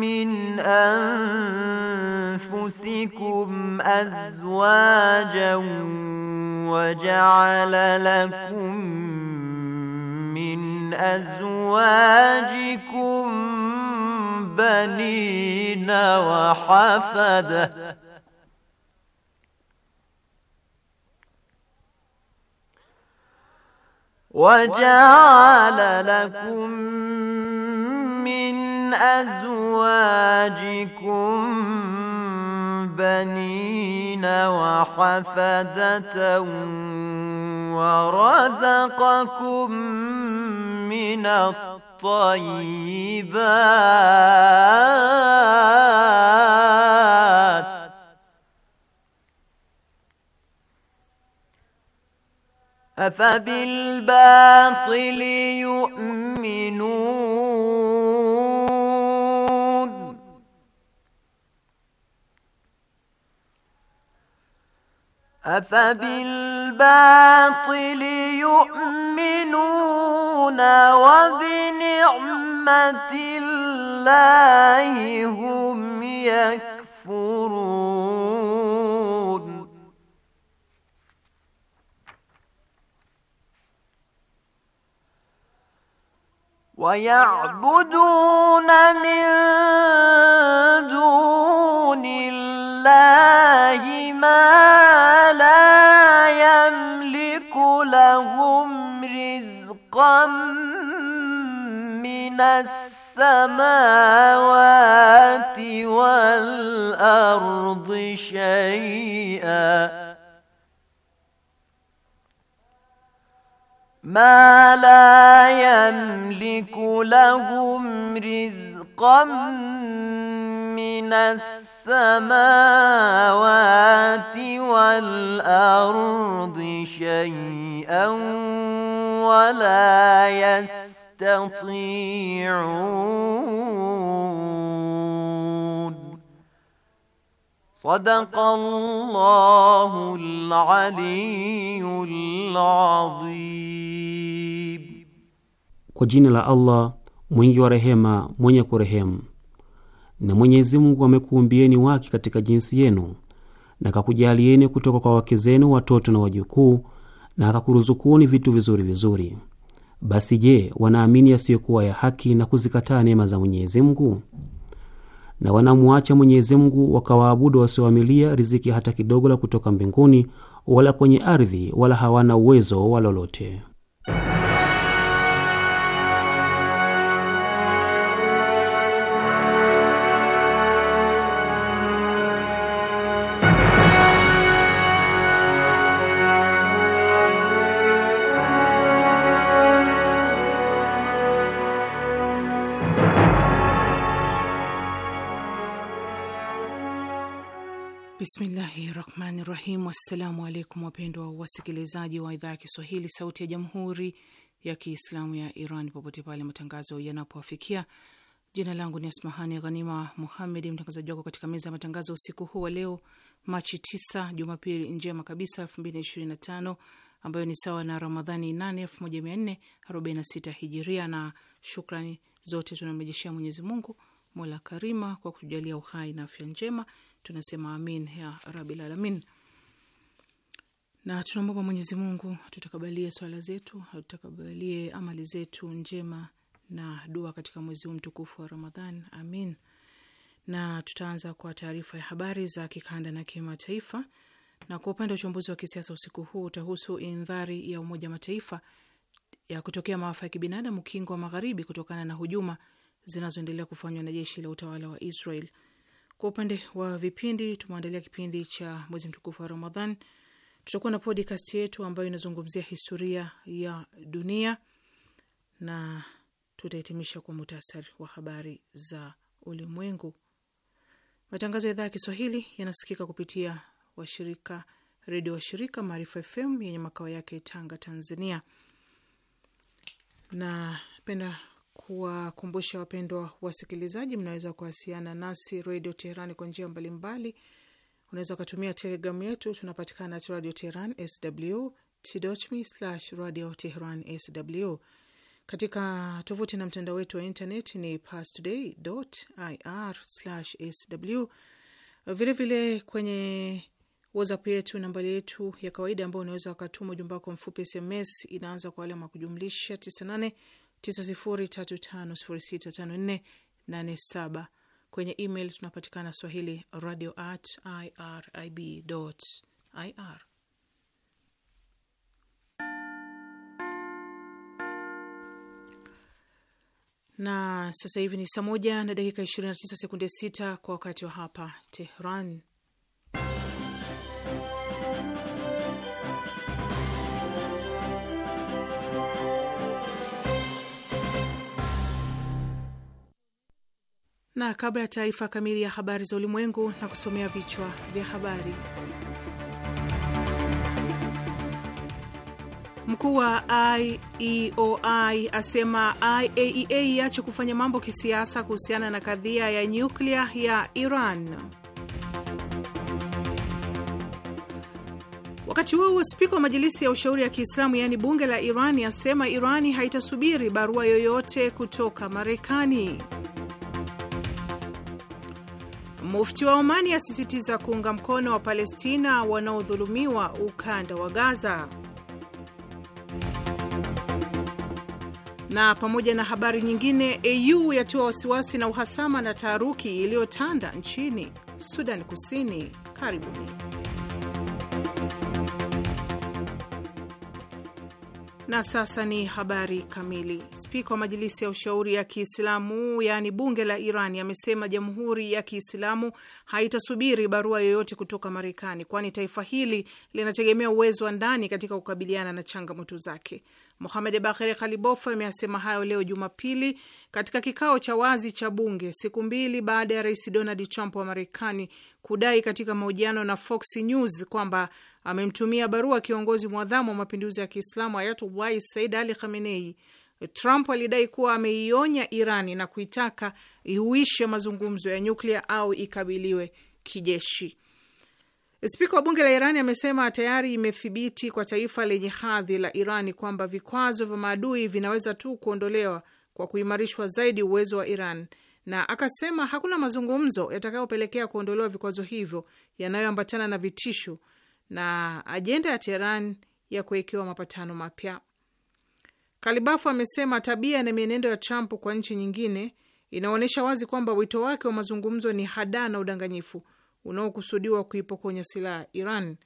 من أنفسكم أزواجا وجعل لكم من أزواجكم بنين وحفدة وجعل لكم من أزواجكم بنين وحفدة ورزقكم من الطيبات أفبالباطل يؤمنون أفبالباطل يؤمنون وبنعمة الله هم يكفرون ويعبدون من دون الله ما لا يملك لهم رزقا من السماوات والأرض شيئا ما لا يملك لهم رزقا من السماوات والأرض شيئا ولا يستطيعون Sadaqallahul aliyyul adhim. Kwa jina la Allah mwingi wa rehema, mwenye kurehemu. Na Mwenyezi Mungu amekuumbieni wake katika jinsi yenu na akakujalieni kutoka kwa wake zenu watoto na wajukuu na akakuruzukuni vitu vizuri vizuri. Basi je, wanaamini yasiyokuwa ya haki na kuzikataa neema za Mwenyezi Mungu? na wanamuacha Mwenyezi Mungu wakawaabudu wasioamilia riziki hata kidogo la kutoka mbinguni wala kwenye ardhi wala hawana uwezo wa lolote. Bismillahi rahmani rahim. Assalamu alaikum wapendwa wasikilizaji wa idhaa ya Kiswahili sauti ya jamhuri ya Kiislamu ya Iran popote pale matangazo yanapowafikia. Jina langu ni Asmahani Ghanima Muhamedi, mtangazaji wako katika meza ya matangazo usiku huu wa leo Machi 9, Jumapili njema kabisa 2025 ambayo ni sawa na Ramadhani 8 1446 Hijiria. Na shukrani zote tunamrejeshea Mwenyezi Mungu mola karima kwa kutujalia uhai na afya njema Tunasema amin ya rabil alamin, na tunamwomba Mwenyezi Mungu atutakabalie swala zetu, atutakabalie amali zetu njema na dua katika mwezi huu mtukufu wa Ramadhan, amin. Na tutaanza kwa taarifa ya habari za kikanda na kimataifa, na kwa upande wa uchambuzi wa kisiasa usiku huu utahusu indhari ya Umoja wa Mataifa ya kutokea maafa ya kibinadamu ukingo wa magharibi kutokana na hujuma zinazoendelea kufanywa na jeshi la utawala wa Israel kwa upande wa vipindi tumeandalia kipindi cha mwezi mtukufu wa Ramadhan. Tutakuwa na podcast yetu ambayo inazungumzia historia ya dunia na tutahitimisha kwa muhtasari wa habari za ulimwengu. Matangazo ya idhaa ya Kiswahili yanasikika kupitia washirika redio washirika Maarifa FM yenye makao yake Tanga, Tanzania. Napenda kuwakumbusha wapendwa wasikilizaji, mnaweza kuwasiliana nasi radio Teherani kwa njia mbalimbali. Unaweza ukatumia telegramu yetu, tunapatikana at Radio Teheran sw t.me slash Radio Teheran sw. Katika tovuti na mtandao wetu wa intenet ni pastoday ir sw. Vilevile kwenye WhatsApp yetu nambari yetu ya kawaida ambayo unaweza ukatuma ujumbe wako mfupi SMS inaanza kwa alama kujumlisha 98 9035065487 kwenye email tunapatikana swahili radio at irib ir. Na sasa hivi ni saa moja na dakika 29 sekunde 6 kwa wakati wa hapa Tehran na kabla ya taarifa kamili ya habari za ulimwengu na kusomea vichwa vya habari. Mkuu wa IEOI e asema IAEA e iache kufanya mambo kisiasa kuhusiana na kadhia ya nyuklia ya Iran. Wakati huo huo, spika wa majilisi ya ushauri ya Kiislamu yaani bunge la Irani asema Irani haitasubiri barua yoyote kutoka Marekani. Mufti wa Omani asisitiza kuunga mkono wa Palestina wanaodhulumiwa ukanda wa Gaza. Na pamoja na habari nyingine, AU yatiwa wasiwasi na uhasama na taharuki iliyotanda nchini Sudan Kusini. Karibuni. Na sasa ni habari kamili. Spika wa Majilisi ya Ushauri ya Kiislamu, yaani bunge la Iran, amesema Jamhuri ya Kiislamu haitasubiri barua yoyote kutoka Marekani, kwani taifa hili linategemea uwezo wa ndani katika kukabiliana na changamoto zake. Muhamed Bakhir Khalibof ameasema hayo leo Jumapili katika kikao cha wazi cha bunge siku mbili baada ya rais Donald Trump wa Marekani kudai katika mahojiano na Fox News kwamba amemtumia barua kiongozi mwadhamu wa mapinduzi ya Kiislamu Ayatullahi Said Ali Khamenei. Trump alidai kuwa ameionya Irani na kuitaka ihuishe mazungumzo ya nyuklia au ikabiliwe kijeshi. Spika wa bunge la Irani amesema tayari imethibiti kwa taifa lenye hadhi la Irani kwamba vikwazo vya maadui vinaweza tu kuondolewa kwa kuimarishwa zaidi uwezo wa Iran, na akasema hakuna mazungumzo yatakayopelekea kuondolewa vikwazo hivyo yanayoambatana na vitisho na ajenda ya Teheran ya kuwekewa mapatano mapya. Kalibafu amesema tabia na mienendo ya Trump kwa nchi nyingine inaonyesha wazi kwamba wito wake wa mazungumzo ni hadaa na udanganyifu unaokusudiwa kuipokonya silaha Iran.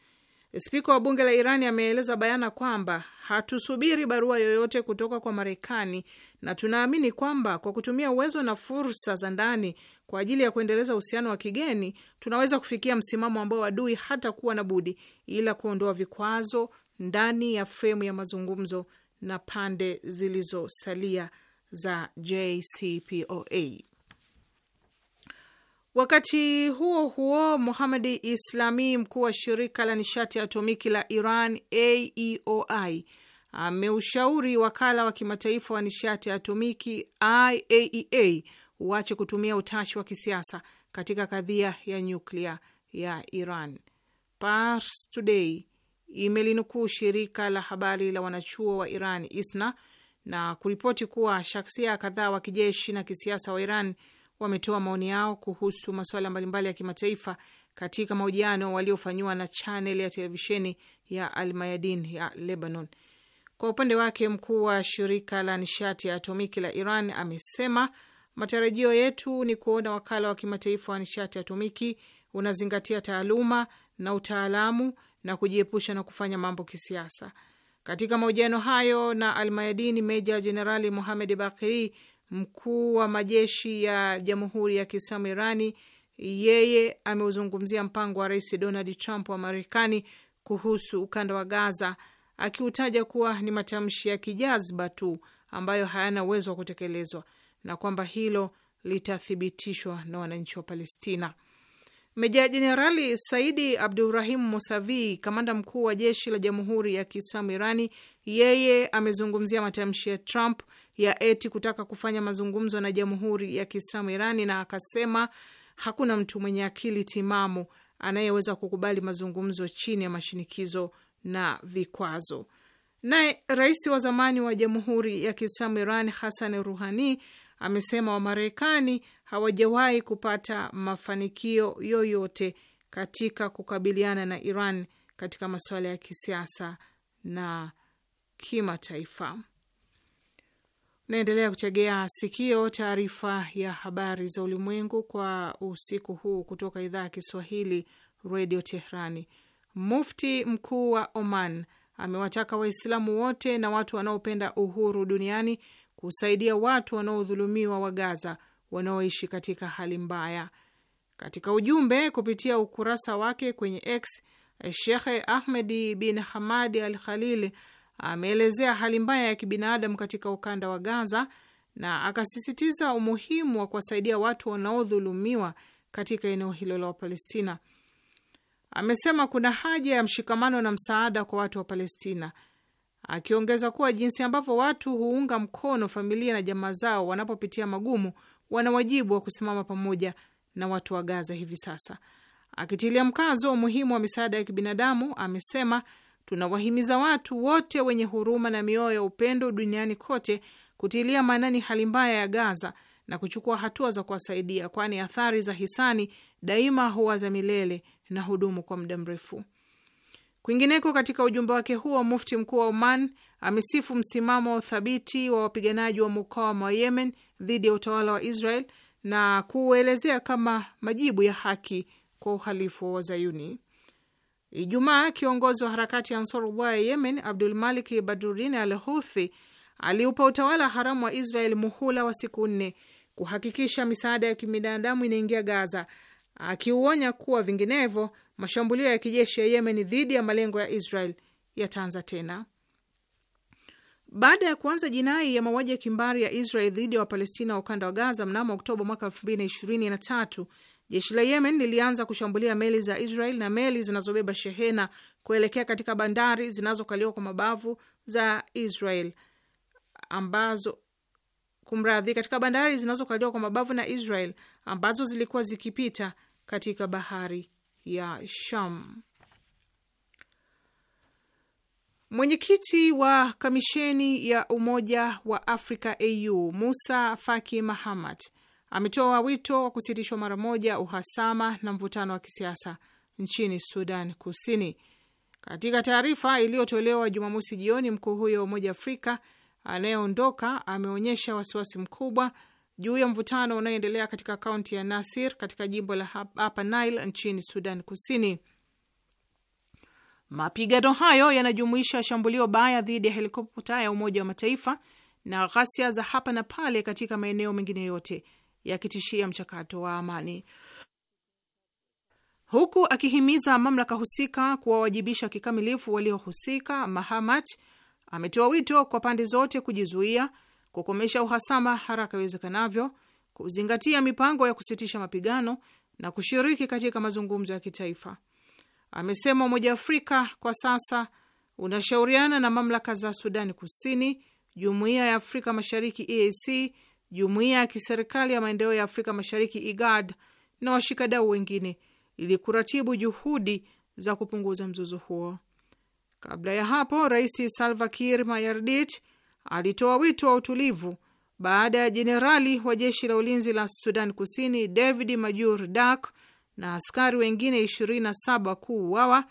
Spika wa bunge la Iran ameeleza bayana kwamba hatusubiri barua yoyote kutoka kwa Marekani na tunaamini kwamba kwa kutumia uwezo na fursa za ndani kwa ajili ya kuendeleza uhusiano wa kigeni, tunaweza kufikia msimamo ambao adui hata kuwa na budi ila kuondoa vikwazo ndani ya fremu ya mazungumzo na pande zilizosalia za JCPOA. Wakati huo huo, muhamadi Islami, mkuu wa shirika la nishati atomiki la Iran AEOI, ameushauri wakala wa kimataifa wa nishati atomiki IAEA e uache kutumia utashi wa kisiasa katika kadhia ya nyuklia ya Iran. Pars Today imelinukuu shirika la habari la wanachuo wa Iran ISNA na kuripoti kuwa shaksia kadhaa wa kijeshi na kisiasa wa Iran wametoa maoni yao kuhusu masuala mbalimbali ya kimataifa katika mahojiano waliofanyiwa na chanel ya televisheni ya Almayadin ya Lebanon. Kwa upande wake, mkuu wa shirika la nishati ya atomiki la Iran amesema Matarajio yetu ni kuona wakala wa kimataifa wa nishati atomiki unazingatia taaluma na utaalamu na kujiepusha na kufanya mambo kisiasa. Katika mahojiano hayo na Almayadini, Meja Jenerali Mohamed Bakiri, mkuu wa majeshi ya Jamhuri ya Kiislamu Irani, yeye ameuzungumzia mpango wa Rais Donald Trump wa Marekani kuhusu ukanda wa Gaza, akiutaja kuwa ni matamshi ya kijazba tu ambayo hayana uwezo wa kutekelezwa na kwamba hilo litathibitishwa na wananchi wa Palestina. Meja Jenerali Saidi Abdurahim Musavi, kamanda mkuu wa jeshi la jamhuri ya Kiislamu Irani, yeye amezungumzia matamshi ya Trump ya eti kutaka kufanya mazungumzo na jamhuri ya Kiislamu Irani, na akasema hakuna mtu mwenye akili timamu anayeweza kukubali mazungumzo chini ya mashinikizo na vikwazo. Naye rais wa zamani wa jamhuri ya Kiislamu Iran Hassan Ruhani amesema Wamarekani hawajawahi kupata mafanikio yoyote katika kukabiliana na Iran katika masuala ya kisiasa na kimataifa. Naendelea kuchegea sikio taarifa ya habari za ulimwengu kwa usiku huu kutoka idhaa ya Kiswahili redio Teherani. Mufti mkuu wa Oman amewataka Waislamu wote na watu wanaopenda uhuru duniani kusaidia watu wanaodhulumiwa wa Gaza wanaoishi katika hali mbaya. Katika ujumbe kupitia ukurasa wake kwenye X, Shekhe Ahmedi bin Hamadi Al Khalil ameelezea hali mbaya ya kibinadamu katika ukanda wa Gaza na akasisitiza umuhimu wa kuwasaidia watu wanaodhulumiwa katika eneo hilo la Wapalestina. Amesema kuna haja ya mshikamano na msaada kwa watu wa Palestina akiongeza kuwa jinsi ambavyo watu huunga mkono familia na jamaa zao wanapopitia magumu, wana wajibu wa kusimama pamoja na watu wa Gaza hivi sasa. Akitilia mkazo umuhimu wa misaada ya kibinadamu, amesema tunawahimiza watu wote wenye huruma na mioyo ya upendo duniani kote kutilia maanani hali mbaya ya Gaza na kuchukua hatua za kuwasaidia, kwani athari za hisani daima huwa za milele na hudumu kwa muda mrefu. Kwingineko, katika ujumbe wake huo, mufti mkuu wa Oman amesifu msimamo thabiti wa wapiganaji wa mukawama wa Yemen dhidi ya utawala wa Israel na kuuelezea kama majibu ya haki kwa uhalifu wa Zayuni. Ijumaa, kiongozi wa harakati ya Ansarullah ya Yemen Abdul Malik Badruddin al huthi aliupa utawala haramu wa Israel muhula wa siku nne kuhakikisha misaada ya kibinadamu inaingia Gaza, akiuonya kuwa vinginevyo Mashambulio ya kijeshi ya Yemen dhidi ya malengo ya Israel yataanza tena baada ya kuanza jinai ya mauaji ya kimbari ya Israel dhidi ya Wapalestina wa ukanda wa Gaza mnamo Oktoba mwaka tatu, jeshi la Yemen lilianza kushambulia meli za Israel na meli zinazobeba shehena kuelekea katika bandari zinazokaliwa kwa mabavu za Israel ambazo kumradhi, katika bandari zinazokaliwa kwa mabavu na Israel ambazo zilikuwa zikipita katika bahari ya Sham. Mwenyekiti wa kamisheni ya Umoja wa Afrika AU Musa Faki Mahamat ametoa wito wa kusitishwa mara moja uhasama na mvutano wa kisiasa nchini Sudan Kusini. Katika taarifa iliyotolewa Jumamosi jioni, mkuu huyo wa Umoja Afrika anayeondoka ameonyesha wasiwasi mkubwa juu ya mvutano unaoendelea katika kaunti ya Nasir katika jimbo la Upper Nile nchini Sudan Kusini. Mapigano hayo yanajumuisha shambulio baya dhidi ya helikopta ya Umoja wa Mataifa na ghasia za hapa na pale katika maeneo mengine yote yakitishia mchakato wa amani, huku akihimiza mamlaka husika kuwawajibisha kikamilifu waliohusika. Mahamat ametoa wito kwa pande zote kujizuia kukomesha uhasama haraka iwezekanavyo, kuzingatia mipango ya kusitisha mapigano na kushiriki katika mazungumzo ya kitaifa. Amesema Umoja wa Afrika kwa sasa unashauriana na mamlaka za Sudani Kusini, Jumuiya ya Afrika Mashariki EAC, Jumuiya ya Kiserikali ya Maendeleo ya Afrika Mashariki IGAD na washikadau wengine ili kuratibu juhudi za kupunguza mzozo huo. Kabla ya hapo, Rais Salva Kiir Mayardit alitoa wito wa utulivu baada ya jenerali wa jeshi la ulinzi la Sudan Kusini David Majur Dak na askari wengine 27 kuuawa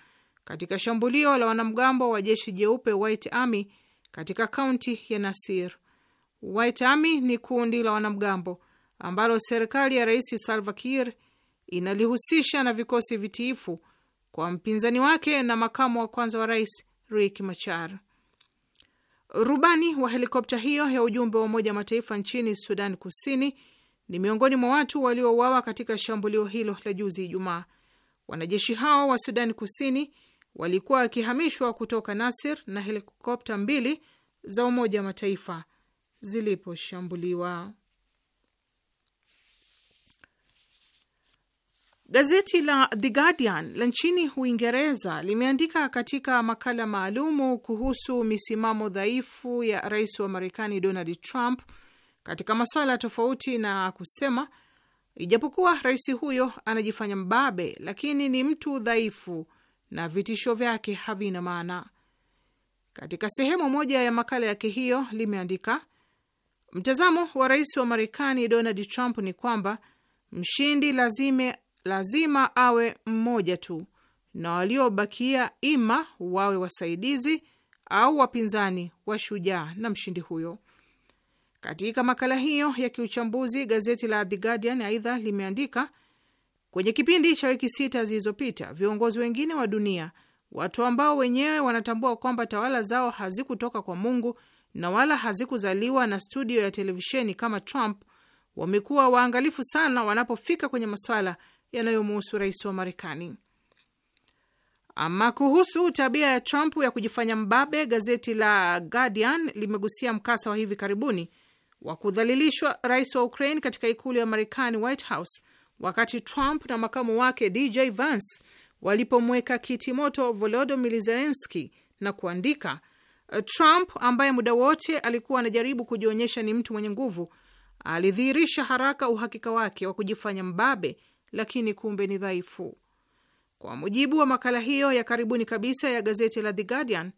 katika shambulio la wanamgambo wa jeshi jeupe White Army katika kaunti ya Nasir. White Army ni kundi la wanamgambo ambalo serikali ya Rais Salva Kiir inalihusisha na vikosi vitiifu kwa mpinzani wake na makamu wa kwanza wa rais Riek Machar. Rubani wa helikopta hiyo ya ujumbe wa Umoja wa Mataifa nchini Sudan Kusini ni miongoni mwa watu waliouawa katika shambulio hilo la juzi Ijumaa. Wanajeshi hao wa Sudan Kusini walikuwa wakihamishwa kutoka Nasir na helikopta mbili za Umoja wa Mataifa ziliposhambuliwa. Gazeti la The Guardian la nchini Uingereza limeandika katika makala maalumu kuhusu misimamo dhaifu ya rais wa Marekani Donald Trump katika masuala tofauti na kusema, ijapokuwa rais huyo anajifanya mbabe, lakini ni mtu dhaifu na vitisho vyake havina maana. Katika sehemu moja ya makala yake hiyo limeandika, mtazamo wa rais wa Marekani Donald Trump ni kwamba mshindi lazime lazima awe mmoja tu, na waliobakia ima wawe wasaidizi au wapinzani wa shujaa na mshindi huyo. Katika makala hiyo ya kiuchambuzi, gazeti la The Guardian aidha limeandika kwenye kipindi cha wiki sita zilizopita, viongozi wengine wa dunia, watu ambao wenyewe wanatambua kwamba tawala zao hazikutoka kwa Mungu na wala hazikuzaliwa na studio ya televisheni kama Trump, wamekuwa waangalifu sana wanapofika kwenye masuala yanayomuhusu rais wa Marekani. Ama kuhusu tabia ya Trump ya kujifanya mbabe, gazeti la Guardian limegusia mkasa wa hivi karibuni wa kudhalilishwa rais wa Ukraine katika ikulu ya Marekani, White House, wakati Trump na makamu wake DJ Vance walipomweka kiti moto Volodymyr Zelensky na kuandika, Trump ambaye muda wote alikuwa anajaribu kujionyesha ni mtu mwenye nguvu, alidhihirisha haraka uhakika wake wa kujifanya mbabe lakini kumbe ni dhaifu. Kwa mujibu wa makala hiyo ya karibuni kabisa ya gazeti la The Guardian,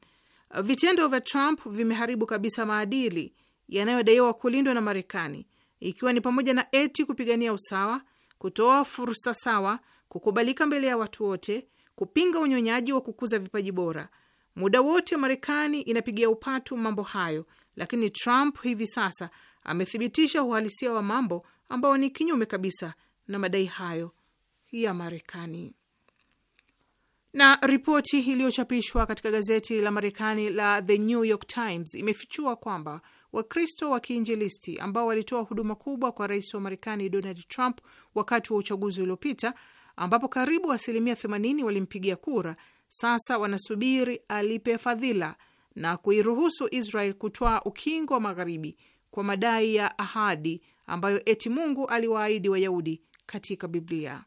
vitendo vya Trump vimeharibu kabisa maadili yanayodaiwa kulindwa na Marekani, ikiwa ni pamoja na eti kupigania usawa, kutoa fursa sawa, kukubalika mbele ya watu wote, kupinga unyonyaji wa kukuza vipaji bora. Muda wote Marekani inapigia upatu mambo hayo, lakini Trump hivi sasa amethibitisha uhalisia wa mambo ambao ni kinyume kabisa na madai hayo ya Marekani. Na ripoti iliyochapishwa katika gazeti la Marekani la The New York Times imefichua kwamba Wakristo wa kiinjilisti ambao walitoa huduma kubwa kwa rais wa Marekani Donald Trump wakati wa uchaguzi uliopita, ambapo karibu asilimia 80 walimpigia kura, sasa wanasubiri alipe fadhila na kuiruhusu Israel kutoa ukingo wa magharibi kwa madai ya ahadi ambayo eti Mungu aliwaahidi Wayahudi katika Biblia.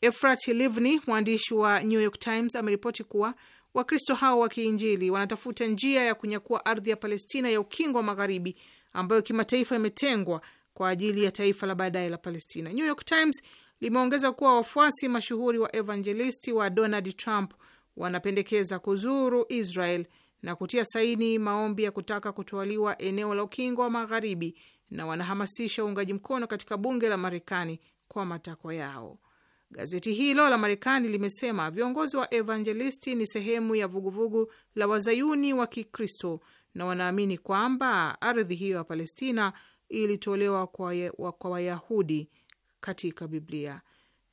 Efrat Livni, mwandishi wa New York Times, ameripoti kuwa Wakristo hao wa kiinjili wanatafuta njia ya kunyakua ardhi ya Palestina ya ukingo wa magharibi ambayo kimataifa imetengwa kwa ajili ya taifa la baadaye la Palestina. New York Times limeongeza kuwa wafuasi mashuhuri wa evangelisti wa Donald Trump wanapendekeza kuzuru Israel na kutia saini maombi ya kutaka kutwaliwa eneo la ukingo wa magharibi na wanahamasisha uungaji mkono katika bunge la Marekani kwa matakwa yao. Gazeti hilo la Marekani limesema viongozi wa Evangelisti ni sehemu ya vuguvugu la wazayuni wa Kikristo na wanaamini kwamba ardhi hiyo ya Palestina ilitolewa kwa Wayahudi katika Biblia.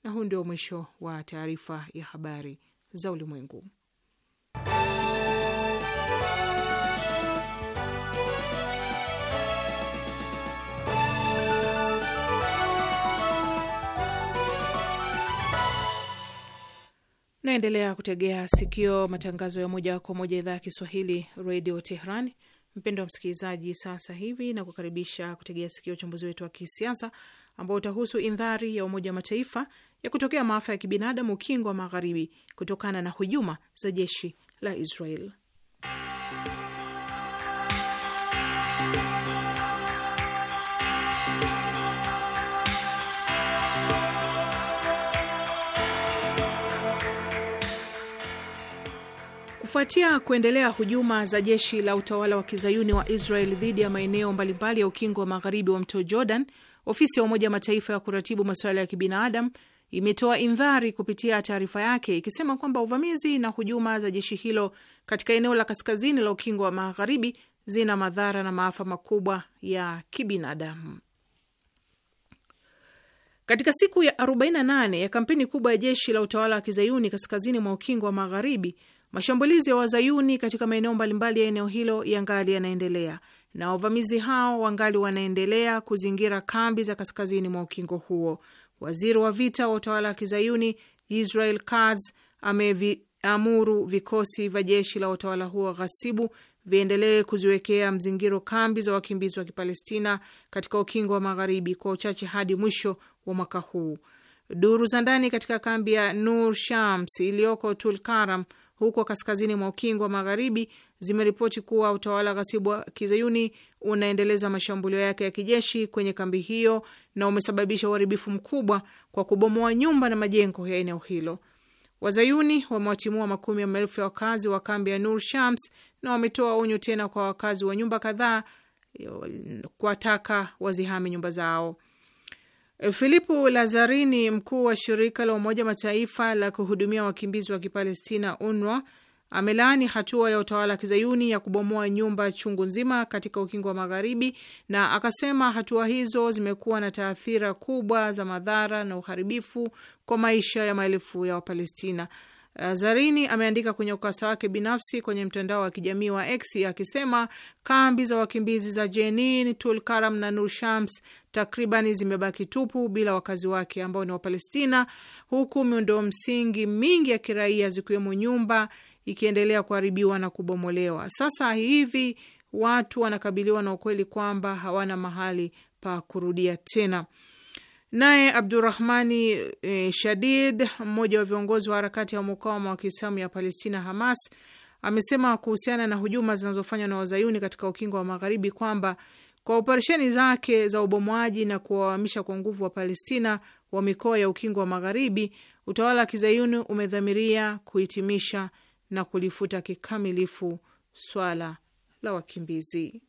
Na huu ndio mwisho wa taarifa ya habari za ulimwengu. Naendelea kutegea sikio matangazo ya moja kwa moja idhaa ya Kiswahili redio Tehran. Mpendo wa msikilizaji, sasa hivi na kukaribisha kutegea sikio uchambuzi wetu wa kisiasa ambao utahusu indhari ya Umoja wa Mataifa ya kutokea maafa ya kibinadamu ukingo wa Magharibi kutokana na hujuma za jeshi la Israel. Kufuatia kuendelea hujuma za jeshi la utawala wa kizayuni wa Israel dhidi ya maeneo mbalimbali ya ukingo wa magharibi wa mto Jordan, ofisi ya Umoja Mataifa ya kuratibu masuala ya kibinadamu imetoa indhari kupitia taarifa yake ikisema kwamba uvamizi na hujuma za jeshi hilo katika eneo la kaskazini la ukingo wa magharibi zina madhara na maafa makubwa ya kibinadamu. Katika siku ya 48 ya kampeni kubwa ya jeshi la utawala wa kizayuni kaskazini mwa ukingo wa magharibi Mashambulizi ya wazayuni katika maeneo mbalimbali ya eneo hilo yangali yanaendelea na wavamizi hao wangali wanaendelea kuzingira kambi za kaskazini mwa ukingo huo. Waziri wa vita wa utawala wa kizayuni Israel Katz ameviamuru vikosi vya jeshi la utawala huo ghasibu viendelee kuziwekea mzingiro kambi za wakimbizi wa Kipalestina katika ukingo wa magharibi kwa uchache hadi mwisho wa mwaka huu. Duru za ndani katika kambi ya Nur Shams iliyoko Tulkaram huko kaskazini mwa ukingo wa magharibi zimeripoti kuwa utawala ghasibu wa kizayuni unaendeleza mashambulio yake ya kijeshi kwenye kambi hiyo na umesababisha uharibifu mkubwa kwa kubomoa nyumba na majengo ya eneo hilo. Wazayuni wamewatimua makumi ya maelfu ya wakazi wa kambi ya Nur Shams na wametoa onyo tena kwa wakazi wa nyumba kadhaa kuwataka wazihame nyumba zao. Filipu Lazarini, mkuu wa shirika la Umoja Mataifa la kuhudumia wakimbizi wa Kipalestina, UNRWA, amelaani hatua ya utawala wa kizayuni ya kubomoa nyumba chungu nzima katika ukingo wa Magharibi, na akasema hatua hizo zimekuwa na taathira kubwa za madhara na uharibifu kwa maisha ya maelfu ya Wapalestina. Eh, Zarini ameandika kwenye ukurasa wake binafsi kwenye mtandao wa kijamii wa X akisema kambi za wakimbizi za Jenin, Tulkaram na Nur Shams takribani zimebaki tupu bila wakazi wake ambao ni Wapalestina, huku miundo msingi mingi ya kiraia zikiwemo nyumba ikiendelea kuharibiwa na kubomolewa. Sasa hivi watu wanakabiliwa na ukweli kwamba hawana mahali pa kurudia tena. Naye Abdurahmani eh, Shadid, mmoja wa viongozi wa harakati ya mukawama wa kiislamu ya Palestina, Hamas, amesema kuhusiana na hujuma zinazofanywa na wazayuni katika ukingo wa magharibi kwamba kwa operesheni zake za ubomoaji na kuwawamisha kwa nguvu wa Palestina wa mikoa ya ukingo wa magharibi, utawala wa kizayuni umedhamiria kuhitimisha na kulifuta kikamilifu swala la wakimbizi.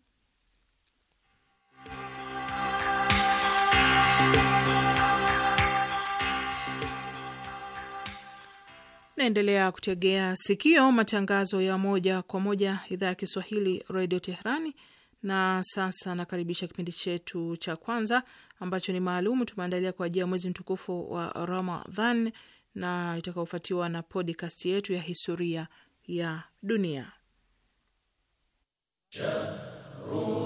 Naendelea kutegea sikio matangazo ya moja kwa moja idhaa ya Kiswahili redio Teherani. Na sasa nakaribisha kipindi chetu cha kwanza ambacho ni maalum tumeandalia kwa ajili ya mwezi mtukufu wa Ramadhan na itakaofuatiwa na podcast yetu ya historia ya dunia. Shahru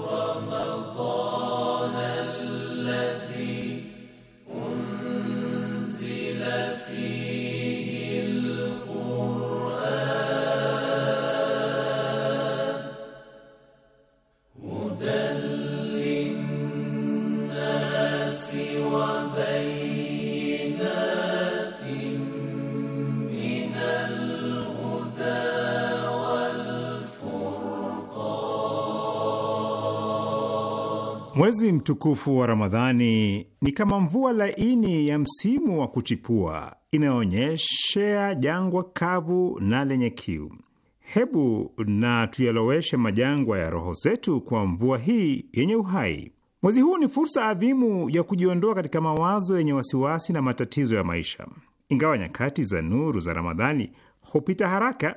Mwezi mtukufu wa Ramadhani ni kama mvua laini ya msimu wa kuchipua inayoonyeshea jangwa kavu na lenye kiu. Hebu na tuyaloweshe majangwa ya roho zetu kwa mvua hii yenye uhai. Mwezi huu ni fursa adhimu ya kujiondoa katika mawazo yenye wasiwasi na matatizo ya maisha. Ingawa nyakati za nuru za Ramadhani hupita haraka,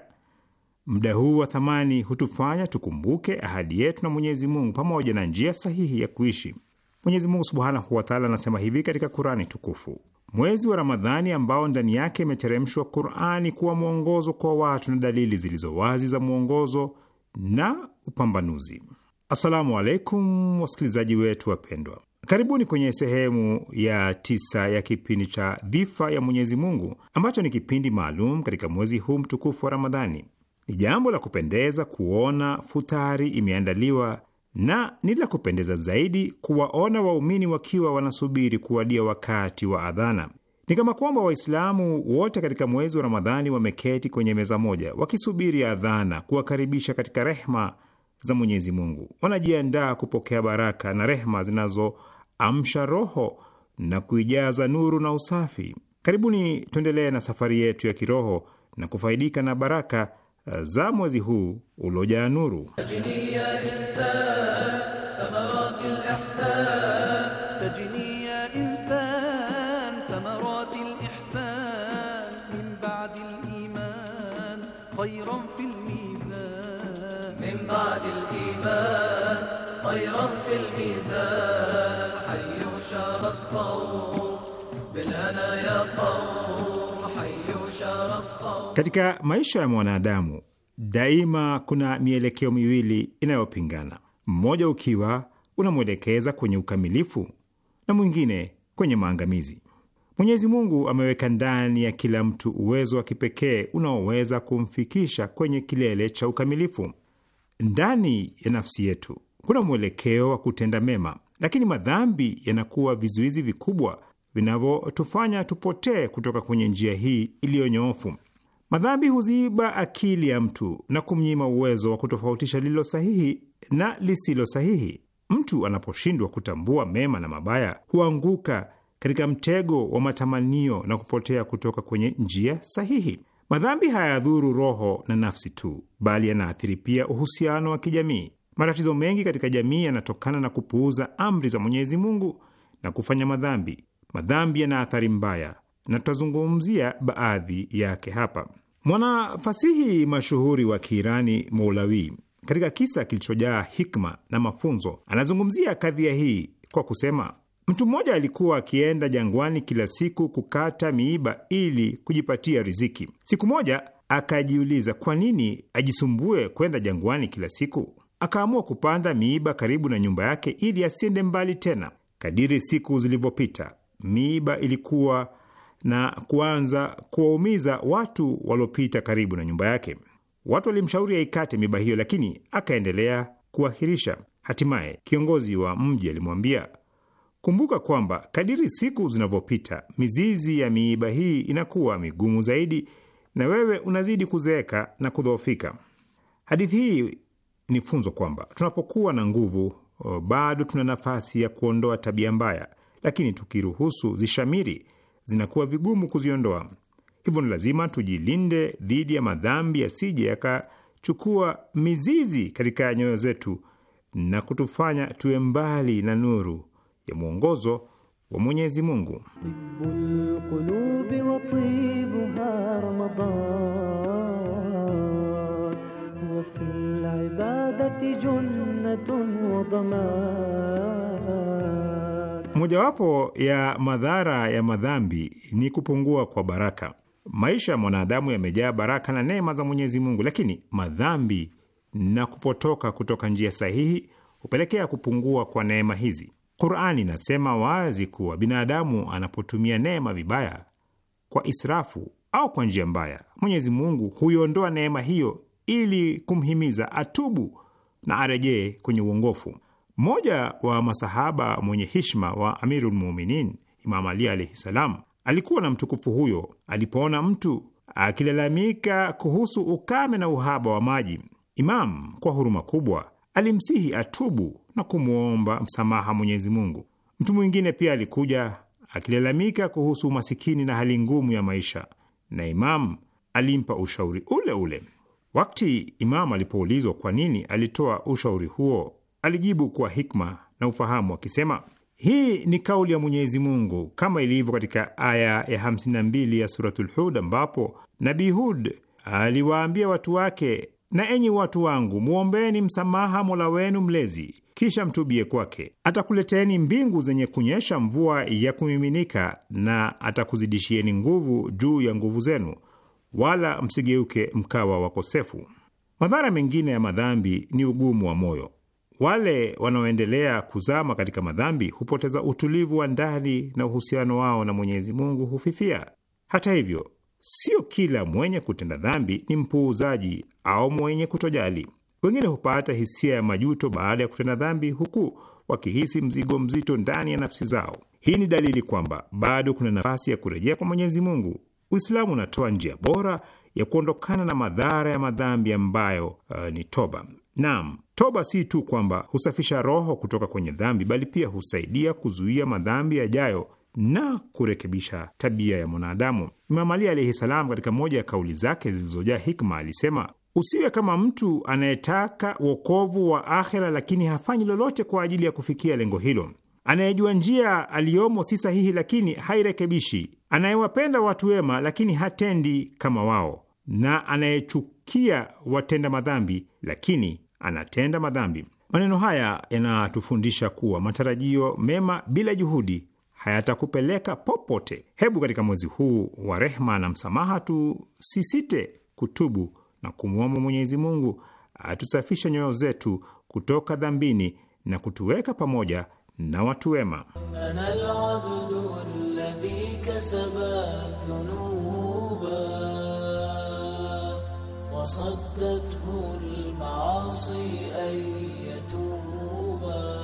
Muda huu wa thamani hutufanya tukumbuke ahadi yetu na Mwenyezi Mungu pamoja na njia sahihi ya kuishi. Mwenyezi Mungu subhanahu wataala anasema hivi katika Kurani Tukufu: mwezi wa Ramadhani ambao ndani yake imeteremshwa kurani kuwa mwongozo kwa watu na dalili zilizo wazi za mwongozo na upambanuzi. Assalamu alaikum wasikilizaji wetu wapendwa, karibuni kwenye sehemu ya tisa ya kipindi cha Dhifa ya Mwenyezi Mungu ambacho ni kipindi maalum katika mwezi huu mtukufu wa Ramadhani. Ni jambo la kupendeza kuona futari imeandaliwa na ni la kupendeza zaidi kuwaona waumini wakiwa wanasubiri kuwadia wakati wa adhana. Ni kama kwamba Waislamu wote katika mwezi wa Ramadhani wameketi kwenye meza moja wakisubiri adhana kuwakaribisha katika rehma za Mwenyezi Mungu. Wanajiandaa kupokea baraka na rehma zinazoamsha roho na kuijaza nuru na usafi. Karibuni tuendelee na safari yetu ya kiroho na kufaidika na baraka za mwezi huu uliojaa nuru. Katika maisha ya mwanadamu daima kuna mielekeo miwili inayopingana, mmoja ukiwa unamwelekeza kwenye ukamilifu na mwingine kwenye maangamizi. Mwenyezi Mungu ameweka ndani ya kila mtu uwezo wa kipekee unaoweza kumfikisha kwenye kilele cha ukamilifu. Ndani ya nafsi yetu kuna mwelekeo wa kutenda mema, lakini madhambi yanakuwa vizuizi vikubwa vinavyotufanya tupotee kutoka kwenye njia hii iliyonyoofu. Madhambi huziiba akili ya mtu na kumnyima uwezo wa kutofautisha lililo sahihi na lisilo sahihi. Mtu anaposhindwa kutambua mema na mabaya, huanguka katika mtego wa matamanio na kupotea kutoka kwenye njia sahihi. Madhambi hayadhuru roho na nafsi tu, bali yanaathiri pia uhusiano wa kijamii. Matatizo mengi katika jamii yanatokana na kupuuza amri za Mwenyezi Mungu na kufanya madhambi madhambi yana athari mbaya, na tutazungumzia baadhi yake hapa. Mwanafasihi mashuhuri wa Kiirani Moulawi katika kisa kilichojaa hikma na mafunzo anazungumzia kadhia hii kwa kusema, mtu mmoja alikuwa akienda jangwani kila siku kukata miiba ili kujipatia riziki. Siku moja akajiuliza, kwa nini ajisumbue kwenda jangwani kila siku? Akaamua kupanda miiba karibu na nyumba yake ili asiende mbali tena. Kadiri siku zilivyopita, miiba ilikuwa na kuanza kuwaumiza watu waliopita karibu na nyumba yake. Watu walimshauri aikate miiba hiyo, lakini akaendelea kuahirisha. Hatimaye kiongozi wa mji alimwambia, kumbuka kwamba kadiri siku zinavyopita mizizi ya miiba hii inakuwa migumu zaidi, na wewe unazidi kuzeeka na kudhoofika. Hadithi hii ni funzo kwamba tunapokuwa na nguvu oh, bado tuna nafasi ya kuondoa tabia mbaya lakini tukiruhusu zishamiri, zinakuwa vigumu kuziondoa. Hivyo ni lazima tujilinde dhidi ya madhambi yasije yakachukua mizizi katika nyoyo zetu na kutufanya tuwe mbali na nuru ya mwongozo wa Mwenyezi Mungu. Mojawapo ya madhara ya madhambi ni kupungua kwa baraka. Maisha ya mwanadamu yamejaa baraka na neema za Mwenyezi Mungu, lakini madhambi na kupotoka kutoka njia sahihi hupelekea kupungua kwa neema hizi. Qurani inasema wazi kuwa binadamu anapotumia neema vibaya, kwa israfu au kwa njia mbaya, Mwenyezi Mungu huiondoa neema hiyo ili kumhimiza atubu na arejee kwenye uongofu. Mmoja wa masahaba mwenye hishma wa Amirulmuminin Imam Ali alaihi salam alikuwa na mtukufu huyo. Alipoona mtu akilalamika kuhusu ukame na uhaba wa maji, Imam kwa huruma kubwa alimsihi atubu na kumwomba msamaha Mwenyezi Mungu. Mtu mwingine pia alikuja akilalamika kuhusu umasikini na hali ngumu ya maisha, na Imam alimpa ushauri ule ule. Wakati Imam alipoulizwa kwa nini alitoa ushauri huo alijibu kwa hikma na ufahamu akisema, hii ni kauli ya Mwenyezi Mungu kama ilivyo katika aya ya 52 ya Suratul Hud ambapo Nabii Hud aliwaambia watu wake, na enyi watu wangu, mwombeni msamaha Mola wenu mlezi kisha mtubie kwake, atakuleteni mbingu zenye kunyesha mvua ya kumiminika, na atakuzidishieni nguvu juu ya nguvu zenu, wala msigeuke mkawa wakosefu. Madhara mengine ya madhambi ni ugumu wa moyo. Wale wanaoendelea kuzama katika madhambi hupoteza utulivu wa ndani na uhusiano wao na Mwenyezi Mungu hufifia. Hata hivyo, sio kila mwenye kutenda dhambi ni mpuuzaji au mwenye kutojali. Wengine hupata hisia ya majuto baada ya kutenda dhambi, huku wakihisi mzigo mzito ndani ya nafsi zao. Hii ni dalili kwamba bado kuna nafasi ya kurejea kwa Mwenyezi Mungu. Uislamu unatoa njia bora ya kuondokana na madhara ya madhambi ambayo uh, ni toba. Naam, toba si tu kwamba husafisha roho kutoka kwenye dhambi, bali pia husaidia kuzuia madhambi yajayo na kurekebisha tabia ya mwanadamu. Imam Ali alaihi salam, katika moja ya kauli zake zilizojaa hikma, alisema usiwe kama mtu anayetaka wokovu wa akhera, lakini hafanyi lolote kwa ajili ya kufikia lengo hilo, anayejua njia aliyomo si sahihi, lakini hairekebishi, anayewapenda watu wema, lakini hatendi kama wao, na anayechukia watenda madhambi, lakini anatenda madhambi. Maneno haya yanatufundisha kuwa matarajio mema bila juhudi hayatakupeleka popote. Hebu katika mwezi huu wa rehma na msamaha tusisite kutubu na kumwomba Mwenyezi Mungu atusafishe nyoyo zetu kutoka dhambini na kutuweka pamoja na watu wema. وصدته المعاصي أن يتوبا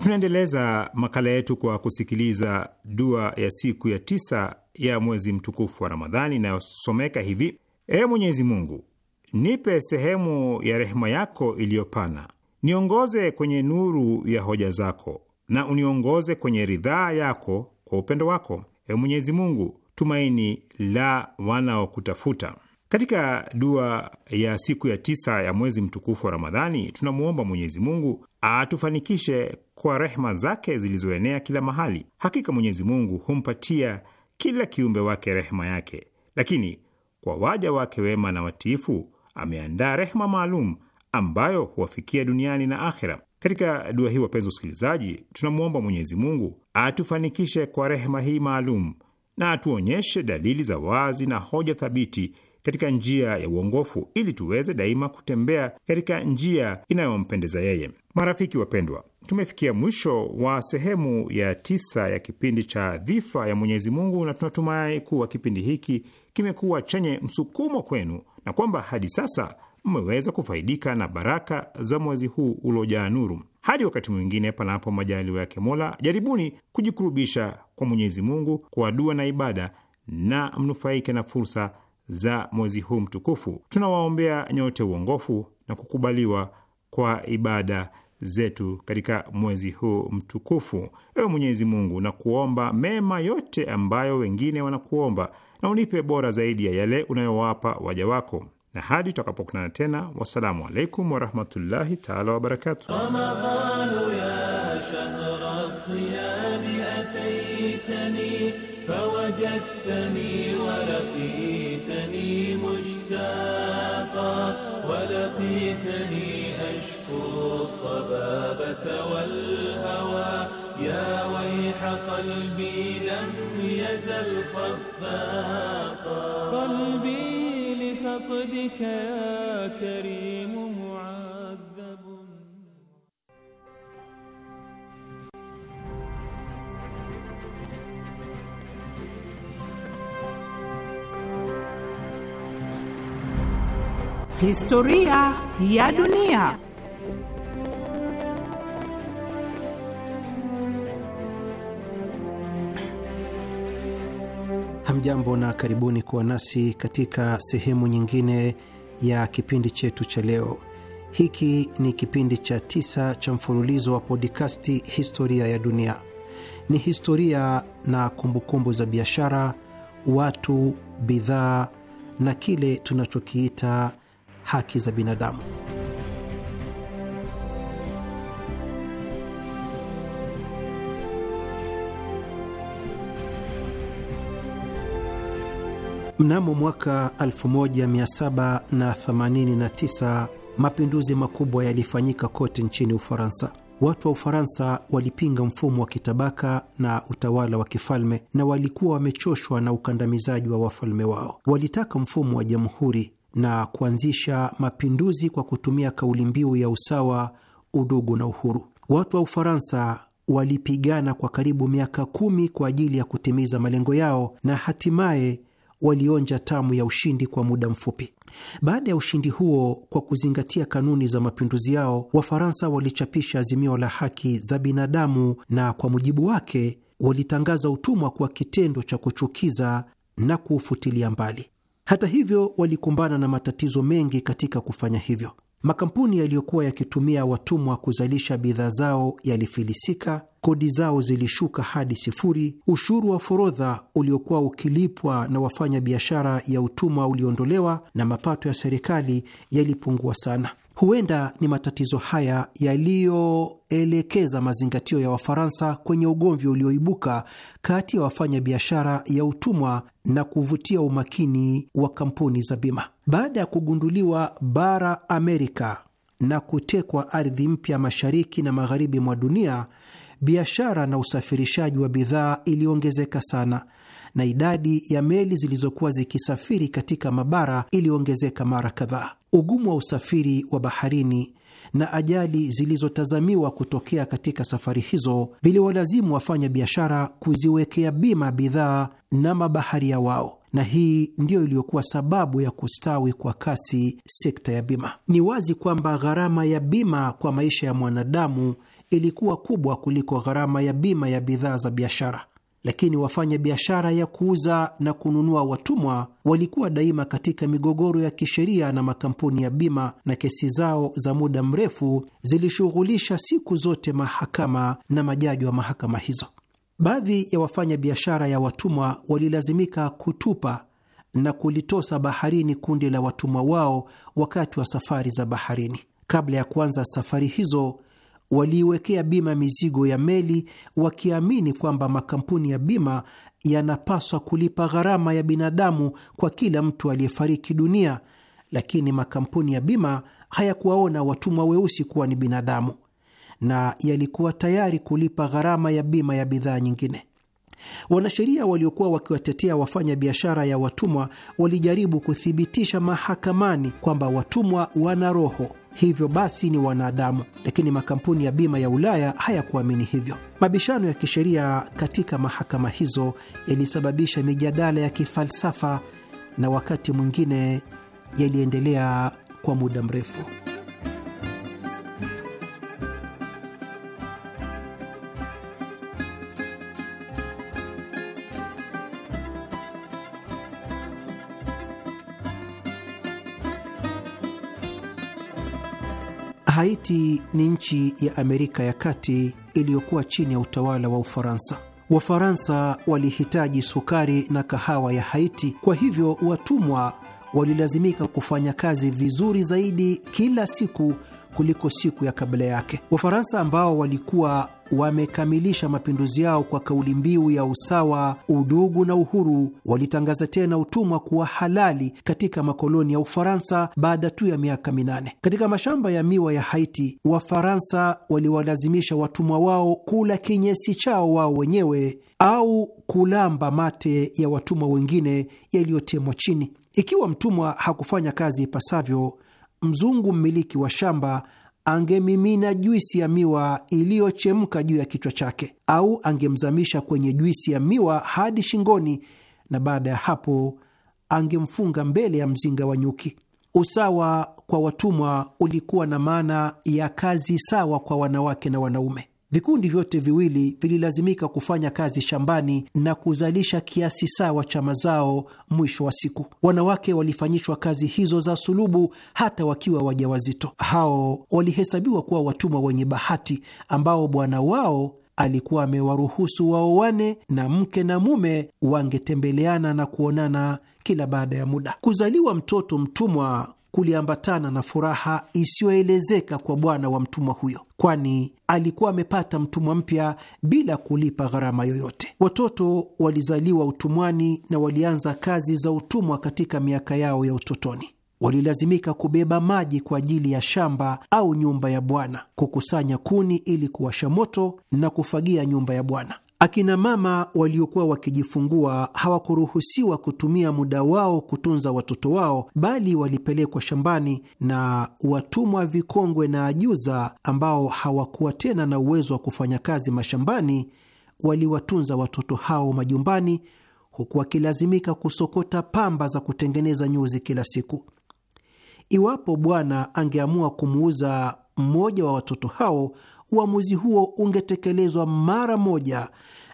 Tunaendeleza makala yetu kwa kusikiliza dua ya siku ya tisa ya mwezi mtukufu wa Ramadhani inayosomeka hivi: Ee Mwenyezi Mungu, nipe sehemu ya rehema yako iliyopana, niongoze kwenye nuru ya hoja zako, na uniongoze kwenye ridhaa yako kwa upendo wako. Ee Mwenyezi Mungu, tumaini la wanaokutafuta. Katika dua ya siku ya tisa ya mwezi mtukufu wa Ramadhani tunamwomba Mwenyezi Mungu atufanikishe kwa rehma zake zilizoenea kila mahali. Hakika Mwenyezi Mungu humpatia kila kiumbe wake rehma yake, lakini kwa waja wake wema na watiifu ameandaa rehma maalum ambayo huwafikia duniani na akhira Katika dua hii, wapenzi usikilizaji tunamwomba Mwenyezi Mungu atufanikishe kwa rehma hii maalum na atuonyeshe dalili za wazi na hoja thabiti katika njia ya uongofu ili tuweze daima kutembea katika njia inayompendeza yeye. Marafiki wapendwa, tumefikia mwisho wa sehemu ya tisa ya kipindi cha Dhifa ya Mwenyezi Mungu, na tunatumai kuwa kipindi hiki kimekuwa chenye msukumo kwenu na kwamba hadi sasa mmeweza kufaidika na baraka za mwezi huu uliojaa nuru. Hadi wakati mwingine, panapo majaliwa yake Mola, jaribuni kujikurubisha kwa Mwenyezi Mungu kwa dua na ibada, na mnufaike na fursa za mwezi huu mtukufu. Tunawaombea nyote uongofu na kukubaliwa kwa ibada zetu katika mwezi huu mtukufu. Ewe Mwenyezi Mungu, na kuomba mema yote ambayo wengine wanakuomba, na unipe bora zaidi ya yale unayowapa waja wako, na hadi tutakapokutana tena, wassalamu alaikum warahmatullahi taala wabarakatuh. والهوى يا ويح قلبي لم يزل خفاقا قلبي لفقدك يا كريم معذب Historia يا دنيا Hamjambo na karibuni kuwa nasi katika sehemu nyingine ya kipindi chetu cha leo. Hiki ni kipindi cha tisa cha mfululizo wa podikasti Historia ya Dunia. Ni historia na kumbukumbu kumbu za biashara, watu, bidhaa na kile tunachokiita haki za binadamu. Mnamo mwaka 1789 mapinduzi makubwa yalifanyika kote nchini Ufaransa. Watu wa Ufaransa walipinga mfumo wa kitabaka na utawala wa kifalme na walikuwa wamechoshwa na ukandamizaji wa wafalme wao. Walitaka mfumo wa jamhuri na kuanzisha mapinduzi kwa kutumia kauli mbiu ya usawa, udugu na uhuru. Watu wa Ufaransa walipigana kwa karibu miaka kumi kwa ajili ya kutimiza malengo yao na hatimaye walionja tamu ya ushindi kwa muda mfupi. Baada ya ushindi huo, kwa kuzingatia kanuni za mapinduzi yao, Wafaransa walichapisha azimio la haki za binadamu, na kwa mujibu wake walitangaza utumwa kuwa kitendo cha kuchukiza na kuufutilia mbali. Hata hivyo, walikumbana na matatizo mengi katika kufanya hivyo. Makampuni yaliyokuwa yakitumia watumwa kuzalisha bidhaa zao yalifilisika, kodi zao zilishuka hadi sifuri, ushuru wa forodha uliokuwa ukilipwa na wafanya biashara ya utumwa uliondolewa, na mapato ya serikali yalipungua sana. Huenda ni matatizo haya yaliyoelekeza mazingatio ya Wafaransa kwenye ugomvi ulioibuka kati ya wafanya biashara ya utumwa na kuvutia umakini wa kampuni za bima. Baada ya kugunduliwa bara Amerika na kutekwa ardhi mpya mashariki na magharibi mwa dunia, biashara na usafirishaji wa bidhaa iliongezeka sana na idadi ya meli zilizokuwa zikisafiri katika mabara iliongezeka mara kadhaa. Ugumu wa usafiri wa baharini na ajali zilizotazamiwa kutokea katika safari hizo viliwalazimu wafanya biashara kuziwekea bima bidhaa na mabaharia wao na hii ndiyo iliyokuwa sababu ya kustawi kwa kasi sekta ya bima. Ni wazi kwamba gharama ya bima kwa maisha ya mwanadamu ilikuwa kubwa kuliko gharama ya bima ya bidhaa za biashara, lakini wafanya biashara ya kuuza na kununua watumwa walikuwa daima katika migogoro ya kisheria na makampuni ya bima, na kesi zao za muda mrefu zilishughulisha siku zote mahakama na majaji wa mahakama hizo. Baadhi ya wafanya biashara ya watumwa walilazimika kutupa na kulitosa baharini kundi la watumwa wao wakati wa safari za baharini. Kabla ya kuanza safari hizo, waliiwekea bima mizigo ya meli, wakiamini kwamba makampuni ya bima yanapaswa kulipa gharama ya binadamu kwa kila mtu aliyefariki dunia, lakini makampuni ya bima hayakuwaona watumwa weusi kuwa ni binadamu na yalikuwa tayari kulipa gharama ya bima ya bidhaa nyingine. Wanasheria waliokuwa wakiwatetea wafanya biashara ya watumwa walijaribu kuthibitisha mahakamani kwamba watumwa wana roho, hivyo basi ni wanadamu, lakini makampuni ya bima ya Ulaya hayakuamini hivyo. Mabishano ya kisheria katika mahakama hizo yalisababisha mijadala ya kifalsafa na wakati mwingine yaliendelea kwa muda mrefu. Haiti ni nchi ya Amerika ya Kati iliyokuwa chini ya utawala wa Ufaransa. Wafaransa walihitaji sukari na kahawa ya Haiti, kwa hivyo watumwa walilazimika kufanya kazi vizuri zaidi kila siku kuliko siku ya kabla yake. Wafaransa ambao walikuwa wamekamilisha mapinduzi yao kwa kauli mbiu ya usawa, udugu na uhuru. Walitangaza tena utumwa kuwa halali katika makoloni ya Ufaransa baada tu ya miaka minane. Katika mashamba ya miwa ya Haiti, Wafaransa waliwalazimisha watumwa wao kula kinyesi chao wao wenyewe au kulamba mate ya watumwa wengine yaliyotemwa chini. Ikiwa mtumwa hakufanya kazi ipasavyo, mzungu mmiliki wa shamba angemimina juisi ya miwa iliyochemka juu ya kichwa chake, au angemzamisha kwenye juisi ya miwa hadi shingoni, na baada ya hapo angemfunga mbele ya mzinga wa nyuki. Usawa kwa watumwa ulikuwa na maana ya kazi sawa kwa wanawake na wanaume. Vikundi vyote viwili vililazimika kufanya kazi shambani na kuzalisha kiasi sawa cha mazao mwisho wa siku. Wanawake walifanyishwa kazi hizo za sulubu hata wakiwa wajawazito. Hao walihesabiwa kuwa watumwa wenye bahati ambao bwana wao alikuwa amewaruhusu waowane na mke na mume wangetembeleana na kuonana kila baada ya muda. Kuzaliwa mtoto mtumwa kuliambatana na furaha isiyoelezeka kwa bwana wa mtumwa huyo, kwani alikuwa amepata mtumwa mpya bila kulipa gharama yoyote. Watoto walizaliwa utumwani na walianza kazi za utumwa katika miaka yao ya utotoni. Walilazimika kubeba maji kwa ajili ya shamba au nyumba ya bwana, kukusanya kuni ili kuwasha moto na kufagia nyumba ya bwana. Akina mama waliokuwa wakijifungua hawakuruhusiwa kutumia muda wao kutunza watoto wao, bali walipelekwa shambani na watumwa vikongwe na ajuza ambao hawakuwa tena na uwezo wa kufanya kazi mashambani waliwatunza watoto hao majumbani, huku wakilazimika kusokota pamba za kutengeneza nyuzi kila siku. Iwapo bwana angeamua kumuuza mmoja wa watoto hao uamuzi huo ungetekelezwa mara moja,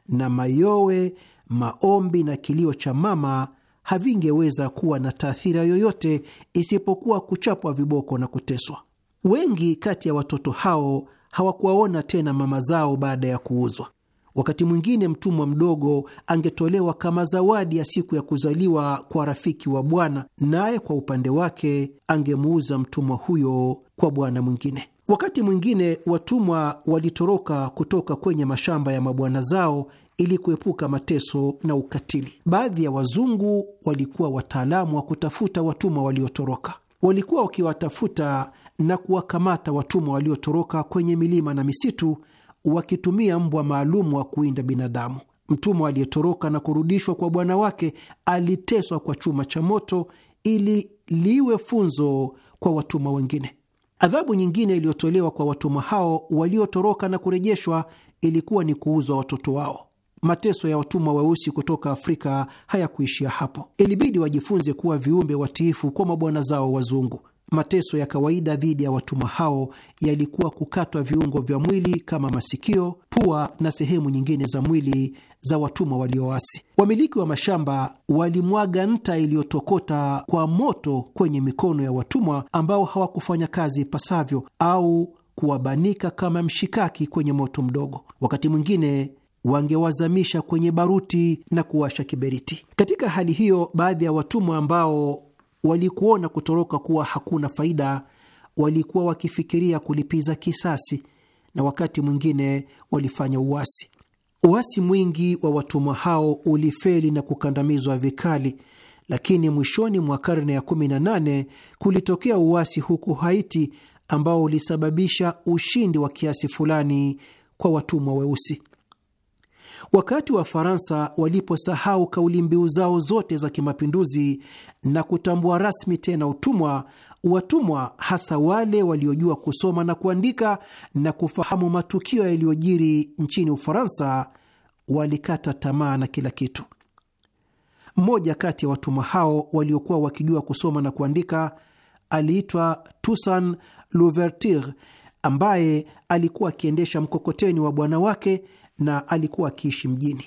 na mayowe, maombi na kilio cha mama havingeweza kuwa na taathira yoyote isipokuwa kuchapwa viboko na kuteswa. Wengi kati ya watoto hao hawakuwaona tena mama zao baada ya kuuzwa. Wakati mwingine mtumwa mdogo angetolewa kama zawadi ya siku ya kuzaliwa kwa rafiki wa bwana, naye kwa upande wake angemuuza mtumwa huyo kwa bwana mwingine. Wakati mwingine watumwa walitoroka kutoka kwenye mashamba ya mabwana zao ili kuepuka mateso na ukatili. Baadhi ya wazungu walikuwa wataalamu wa kutafuta watumwa waliotoroka. Walikuwa wakiwatafuta na kuwakamata watumwa waliotoroka kwenye milima na misitu, wakitumia mbwa maalum wa kuinda binadamu. Mtumwa aliyetoroka na kurudishwa kwa bwana wake aliteswa kwa chuma cha moto ili liwe funzo kwa watumwa wengine. Adhabu nyingine iliyotolewa kwa watumwa hao waliotoroka na kurejeshwa ilikuwa ni kuuzwa watoto wao. Mateso ya watumwa weusi kutoka Afrika hayakuishia hapo. Ilibidi wajifunze kuwa viumbe watiifu kwa mabwana zao wazungu. Mateso ya kawaida dhidi ya watumwa hao yalikuwa kukatwa viungo vya mwili kama masikio, pua na sehemu nyingine za mwili za watumwa walioasi. Wamiliki wa mashamba walimwaga nta iliyotokota kwa moto kwenye mikono ya watumwa ambao hawakufanya kazi ipasavyo au kuwabanika kama mshikaki kwenye moto mdogo. Wakati mwingine wangewazamisha kwenye baruti na kuwasha kiberiti. Katika hali hiyo, baadhi ya watumwa ambao walikuona kutoroka kuwa hakuna faida, walikuwa wakifikiria kulipiza kisasi na wakati mwingine walifanya uasi. Uasi mwingi wa watumwa hao ulifeli na kukandamizwa vikali, lakini mwishoni mwa karne ya 18 kulitokea uasi huku Haiti ambao ulisababisha ushindi wa kiasi fulani kwa watumwa weusi. Wakati wa Faransa waliposahau kauli mbiu zao zote za kimapinduzi na kutambua rasmi tena utumwa, watumwa hasa wale waliojua kusoma na kuandika na kufahamu matukio yaliyojiri nchini Ufaransa walikata tamaa na kila kitu. Mmoja kati ya watumwa hao waliokuwa wakijua kusoma na kuandika aliitwa Toussaint Louverture ambaye alikuwa akiendesha mkokoteni wa bwana wake na alikuwa akiishi mjini.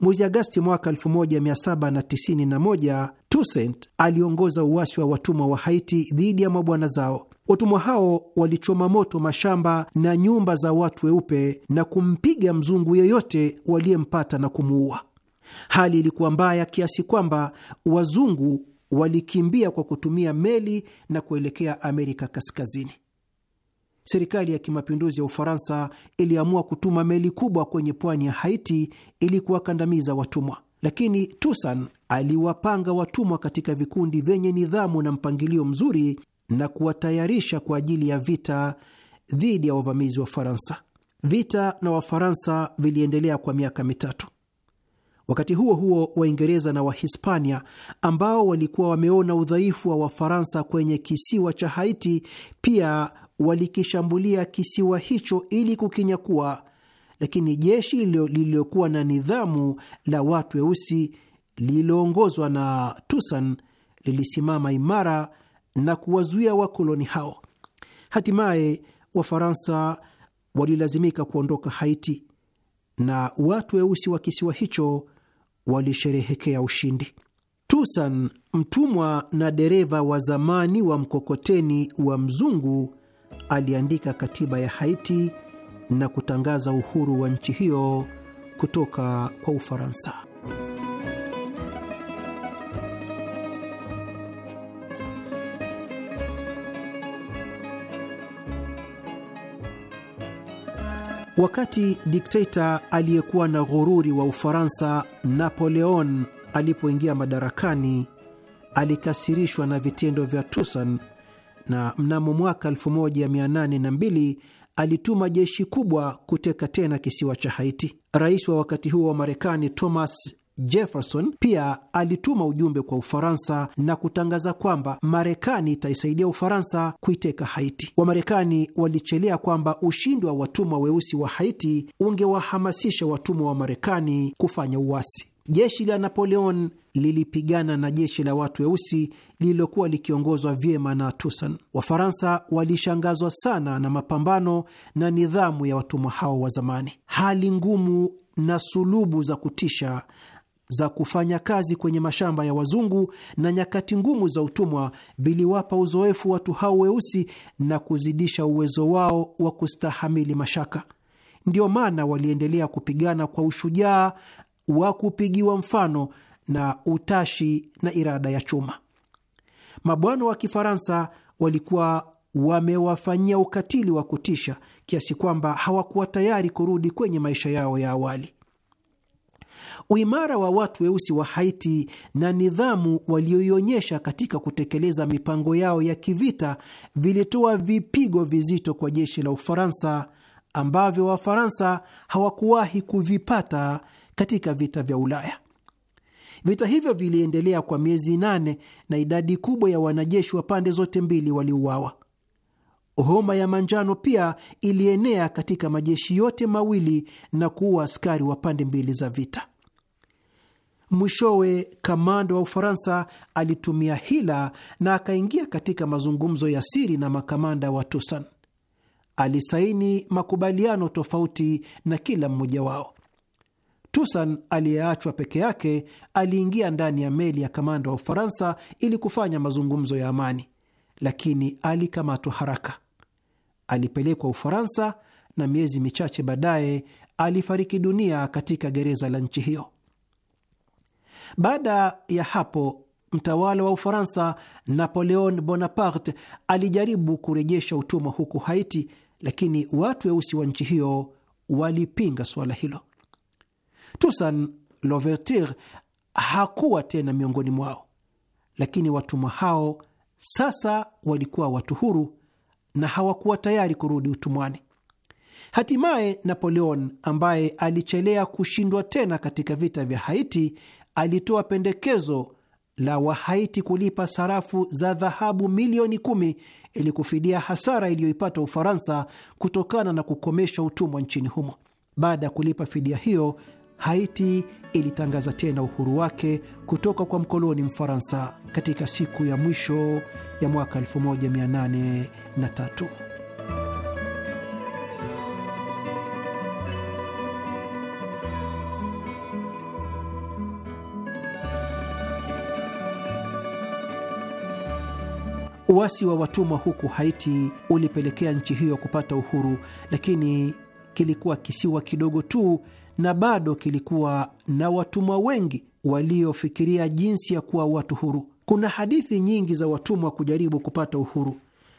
Mwezi Agasti mwaka 1791 Toussaint aliongoza uasi wa watumwa wa Haiti dhidi ya mabwana zao. Watumwa hao walichoma moto mashamba na nyumba za watu weupe na kumpiga mzungu yeyote waliyempata na kumuua. Hali ilikuwa mbaya kiasi kwamba wazungu walikimbia kwa kutumia meli na kuelekea Amerika Kaskazini. Serikali ya kimapinduzi ya Ufaransa iliamua kutuma meli kubwa kwenye pwani ya Haiti ili kuwakandamiza watumwa, lakini Toussaint aliwapanga watumwa katika vikundi vyenye nidhamu na mpangilio mzuri na kuwatayarisha kwa ajili ya vita dhidi ya wavamizi wa Faransa. Vita na Wafaransa viliendelea kwa miaka mitatu. Wakati huo huo, Waingereza na Wahispania ambao walikuwa wameona udhaifu wa Wafaransa kwenye kisiwa cha Haiti pia walikishambulia kisiwa hicho ili kukinyakua, lakini jeshi lililokuwa na nidhamu la watu weusi lililoongozwa na Tusan lilisimama imara na kuwazuia wakoloni hao. Hatimaye Wafaransa walilazimika kuondoka Haiti na watu weusi wa kisiwa hicho walisherehekea ushindi. Tusan, mtumwa na dereva wa zamani wa mkokoteni wa mzungu, aliandika katiba ya Haiti na kutangaza uhuru wa nchi hiyo kutoka kwa Ufaransa. Wakati dikteta aliyekuwa na ghururi wa Ufaransa Napoleon alipoingia madarakani, alikasirishwa na vitendo vya Toussaint na mnamo mwaka 1802 alituma jeshi kubwa kuteka tena kisiwa cha Haiti. Rais wa wakati huo wa Marekani Thomas Jefferson pia alituma ujumbe kwa Ufaransa na kutangaza kwamba Marekani itaisaidia Ufaransa kuiteka Haiti. Wamarekani walichelea kwamba ushindi wa watumwa weusi wa Haiti ungewahamasisha watumwa wa Marekani kufanya uasi. Jeshi la Napoleon lilipigana na jeshi la watu weusi lililokuwa likiongozwa vyema na Toussaint. Wafaransa walishangazwa sana na mapambano na nidhamu ya watumwa hao wa zamani. Hali ngumu na sulubu za kutisha za kufanya kazi kwenye mashamba ya wazungu na nyakati ngumu za utumwa viliwapa uzoefu watu hao weusi na kuzidisha uwezo wao wa kustahamili mashaka. Ndiyo maana waliendelea kupigana kwa ushujaa wa kupigiwa mfano na utashi na irada ya chuma. Mabwana wa Kifaransa walikuwa wamewafanyia ukatili wa kutisha kiasi kwamba hawakuwa tayari kurudi kwenye maisha yao ya awali. Uimara wa watu weusi wa Haiti na nidhamu walioionyesha katika kutekeleza mipango yao ya kivita vilitoa vipigo vizito kwa jeshi la Ufaransa ambavyo Wafaransa hawakuwahi kuvipata katika vita vya Ulaya. Vita hivyo viliendelea kwa miezi nane na idadi kubwa ya wanajeshi wa pande zote mbili waliuawa. Homa ya manjano pia ilienea katika majeshi yote mawili na kuua askari wa pande mbili za vita. Mwishowe, kamando wa Ufaransa alitumia hila na akaingia katika mazungumzo ya siri na makamanda wa Tusan. Alisaini makubaliano tofauti na kila mmoja wao. Tusan aliyeachwa peke yake aliingia ndani ya meli ya kamanda wa Ufaransa ili kufanya mazungumzo ya amani, lakini alikamatwa haraka. Alipelekwa Ufaransa na miezi michache baadaye alifariki dunia katika gereza la nchi hiyo. Baada ya hapo, mtawala wa Ufaransa Napoleon Bonaparte alijaribu kurejesha utumwa huko Haiti, lakini watu weusi wa nchi hiyo walipinga suala hilo. Toussaint Louverture hakuwa tena miongoni mwao, lakini watumwa hao sasa walikuwa watu huru na hawakuwa tayari kurudi utumwani. Hatimaye Napoleon ambaye alichelea kushindwa tena katika vita vya Haiti alitoa pendekezo la Wahaiti kulipa sarafu za dhahabu milioni kumi ili kufidia hasara iliyoipata Ufaransa kutokana na kukomesha utumwa nchini humo. Baada ya kulipa fidia hiyo, Haiti ilitangaza tena uhuru wake kutoka kwa mkoloni Mfaransa katika siku ya mwisho ya mwaka 1803. Uasi wa watumwa huku Haiti ulipelekea nchi hiyo kupata uhuru, lakini kilikuwa kisiwa kidogo tu na bado kilikuwa na watumwa wengi waliofikiria jinsi ya kuwa watu huru. Kuna hadithi nyingi za watumwa kujaribu kupata uhuru,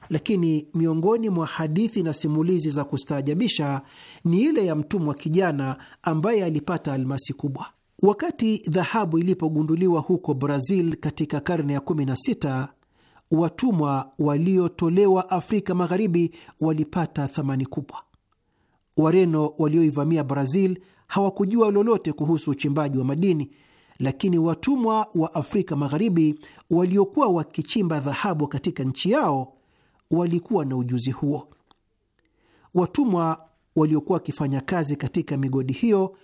lakini miongoni mwa hadithi na simulizi za kustaajabisha ni ile ya mtumwa kijana ambaye alipata almasi kubwa. Wakati dhahabu ilipogunduliwa huko Brazil katika karne ya 16, watumwa waliotolewa Afrika Magharibi walipata thamani kubwa. Wareno walioivamia Brazil hawakujua lolote kuhusu uchimbaji wa madini, lakini watumwa wa Afrika Magharibi waliokuwa wakichimba dhahabu katika nchi yao walikuwa na ujuzi huo. Watumwa waliokuwa wakifanya kazi katika migodi hiyo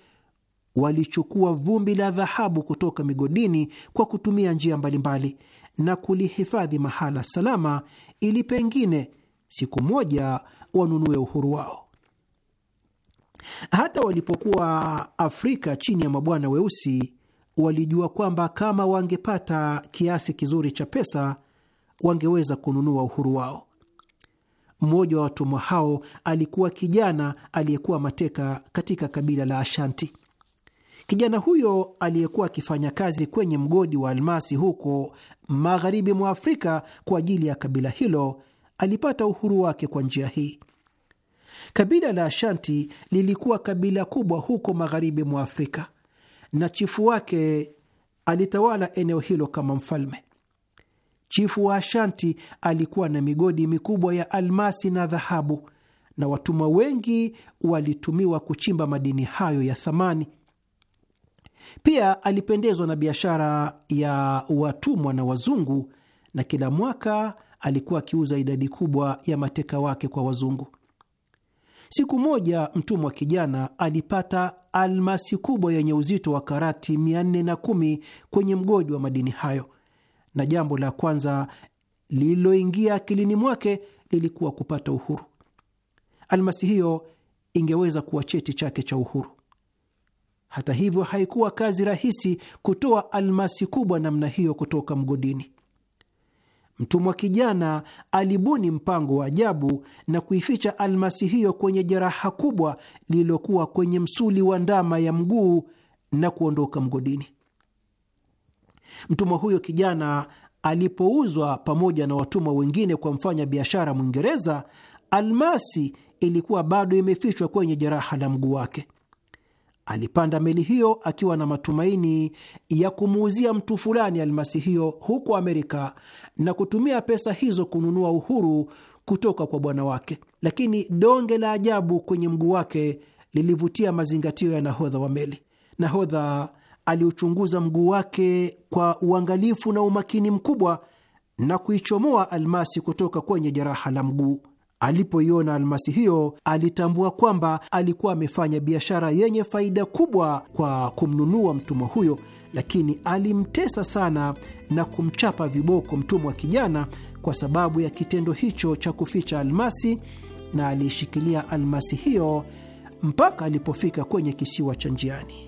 walichukua vumbi la dhahabu kutoka migodini kwa kutumia njia mbalimbali na kulihifadhi mahala salama, ili pengine siku moja wanunue uhuru wao. Hata walipokuwa Afrika chini ya mabwana weusi, walijua kwamba kama wangepata kiasi kizuri cha pesa wangeweza kununua uhuru wao. Mmoja wa watumwa hao alikuwa kijana aliyekuwa mateka katika kabila la Ashanti. Kijana huyo aliyekuwa akifanya kazi kwenye mgodi wa almasi huko magharibi mwa Afrika kwa ajili ya kabila hilo alipata uhuru wake kwa njia hii. Kabila la Ashanti lilikuwa kabila kubwa huko magharibi mwa Afrika na chifu wake alitawala eneo hilo kama mfalme. Chifu wa Ashanti alikuwa na migodi mikubwa ya almasi na dhahabu, na watumwa wengi walitumiwa kuchimba madini hayo ya thamani. Pia alipendezwa na biashara ya watumwa na wazungu, na kila mwaka alikuwa akiuza idadi kubwa ya mateka wake kwa wazungu. Siku moja mtumwa kijana alipata almasi kubwa yenye uzito wa karati 410 kwenye mgodi wa madini hayo, na jambo la kwanza lililoingia akilini mwake lilikuwa kupata uhuru. Almasi hiyo ingeweza kuwa cheti chake cha uhuru. Hata hivyo, haikuwa kazi rahisi kutoa almasi kubwa namna hiyo kutoka mgodini. Mtumwa kijana alibuni mpango wa ajabu na kuificha almasi hiyo kwenye jeraha kubwa lililokuwa kwenye msuli wa ndama ya mguu na kuondoka mgodini. Mtumwa huyo kijana alipouzwa pamoja na watumwa wengine kwa mfanya biashara Mwingereza, almasi ilikuwa bado imefichwa kwenye jeraha la mguu wake. Alipanda meli hiyo akiwa na matumaini ya kumuuzia mtu fulani almasi hiyo huko Amerika na kutumia pesa hizo kununua uhuru kutoka kwa bwana wake, lakini donge la ajabu kwenye mguu wake lilivutia mazingatio ya nahodha wa meli. Nahodha aliuchunguza mguu wake kwa uangalifu na umakini mkubwa na kuichomoa almasi kutoka kwenye jeraha la mguu. Alipoiona almasi hiyo, alitambua kwamba alikuwa amefanya biashara yenye faida kubwa kwa kumnunua mtumwa huyo, lakini alimtesa sana na kumchapa viboko mtumwa kijana kwa sababu ya kitendo hicho cha kuficha almasi, na aliishikilia almasi hiyo mpaka alipofika kwenye kisiwa cha njiani.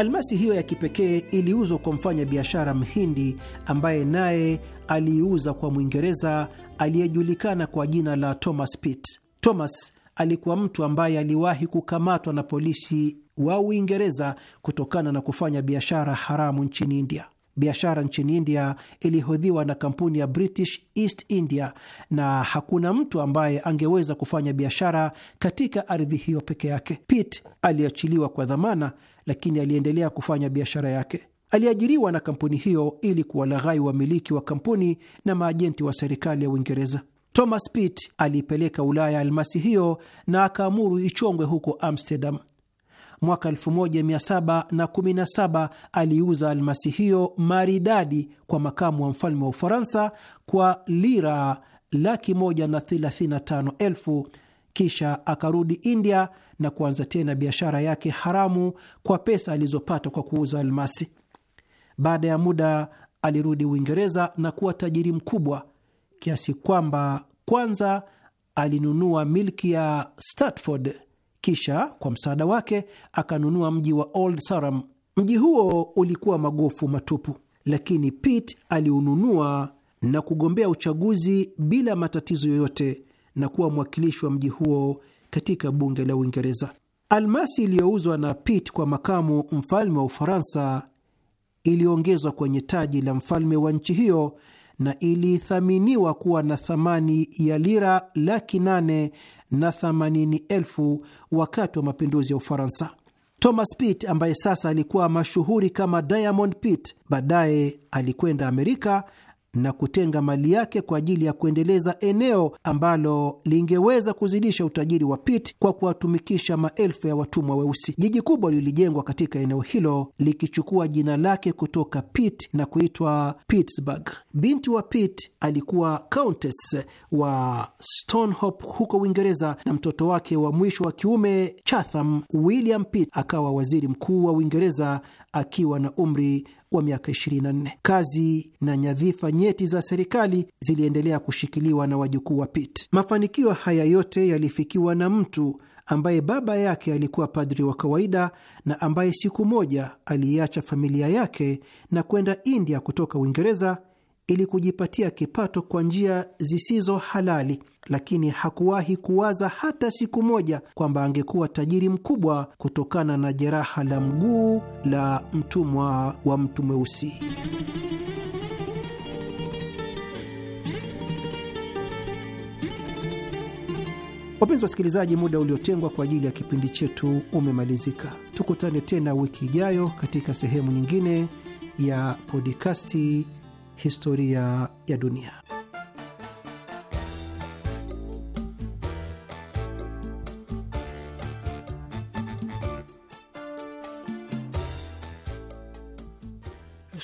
Almasi hiyo ya kipekee iliuzwa kwa mfanya biashara Mhindi ambaye naye aliiuza kwa Mwingereza aliyejulikana kwa jina la Thomas Pitt. Thomas alikuwa mtu ambaye aliwahi kukamatwa na polisi wa Uingereza kutokana na kufanya biashara haramu nchini India. Biashara nchini India ilihodhiwa na kampuni ya British East India, na hakuna mtu ambaye angeweza kufanya biashara katika ardhi hiyo peke yake. Pitt aliachiliwa kwa dhamana, lakini aliendelea kufanya biashara yake. Aliajiriwa na kampuni hiyo ili kuwalaghai wamiliki wa kampuni na maajenti wa serikali ya Uingereza. Thomas Pitt aliipeleka Ulaya almasi hiyo na akaamuru ichongwe huko Amsterdam mwaka 1717 aliuza almasi hiyo maridadi kwa makamu wa mfalme wa Ufaransa kwa lira laki moja na thelathini na tano elfu kisha akarudi India na kuanza tena biashara yake haramu kwa pesa alizopata kwa kuuza almasi. Baada ya muda alirudi Uingereza na kuwa tajiri mkubwa kiasi kwamba kwanza alinunua milki ya Stratford kisha kwa msaada wake akanunua mji wa Old Sarum. Mji huo ulikuwa magofu matupu, lakini Pitt aliununua na kugombea uchaguzi bila matatizo yoyote na kuwa mwakilishi wa mji huo katika bunge la Uingereza. Almasi iliyouzwa na Pitt kwa makamu mfalme wa Ufaransa iliongezwa kwenye taji la mfalme wa nchi hiyo na ilithaminiwa kuwa na thamani ya lira laki nane na themanini elfu wakati wa mapinduzi ya Ufaransa. Thomas Pitt ambaye sasa alikuwa mashuhuri kama Diamond Pitt, baadaye alikwenda Amerika na kutenga mali yake kwa ajili ya kuendeleza eneo ambalo lingeweza kuzidisha utajiri wa Pitt kwa kuwatumikisha maelfu ya watumwa weusi. Jiji kubwa lilijengwa katika eneo hilo likichukua jina lake kutoka Pitt na kuitwa pittsburg Binti wa Pitt alikuwa Countess wa Stonhope huko Uingereza, na mtoto wake wa mwisho wa kiume Chatham William Pitt akawa waziri mkuu wa Uingereza akiwa na umri wa miaka 24. Kazi na nyadhifa nyeti za serikali ziliendelea kushikiliwa na wajukuu wa Pitt. Mafanikio haya yote yalifikiwa na mtu ambaye baba yake alikuwa padri wa kawaida na ambaye siku moja aliiacha familia yake na kwenda India kutoka Uingereza ili kujipatia kipato kwa njia zisizo halali lakini hakuwahi kuwaza hata siku moja kwamba angekuwa tajiri mkubwa kutokana na jeraha la mguu la mtumwa wa mtu mweusi. Wapenzi wasikilizaji, muda uliotengwa kwa ajili ya kipindi chetu umemalizika. Tukutane tena wiki ijayo katika sehemu nyingine ya podikasti Historia ya Dunia.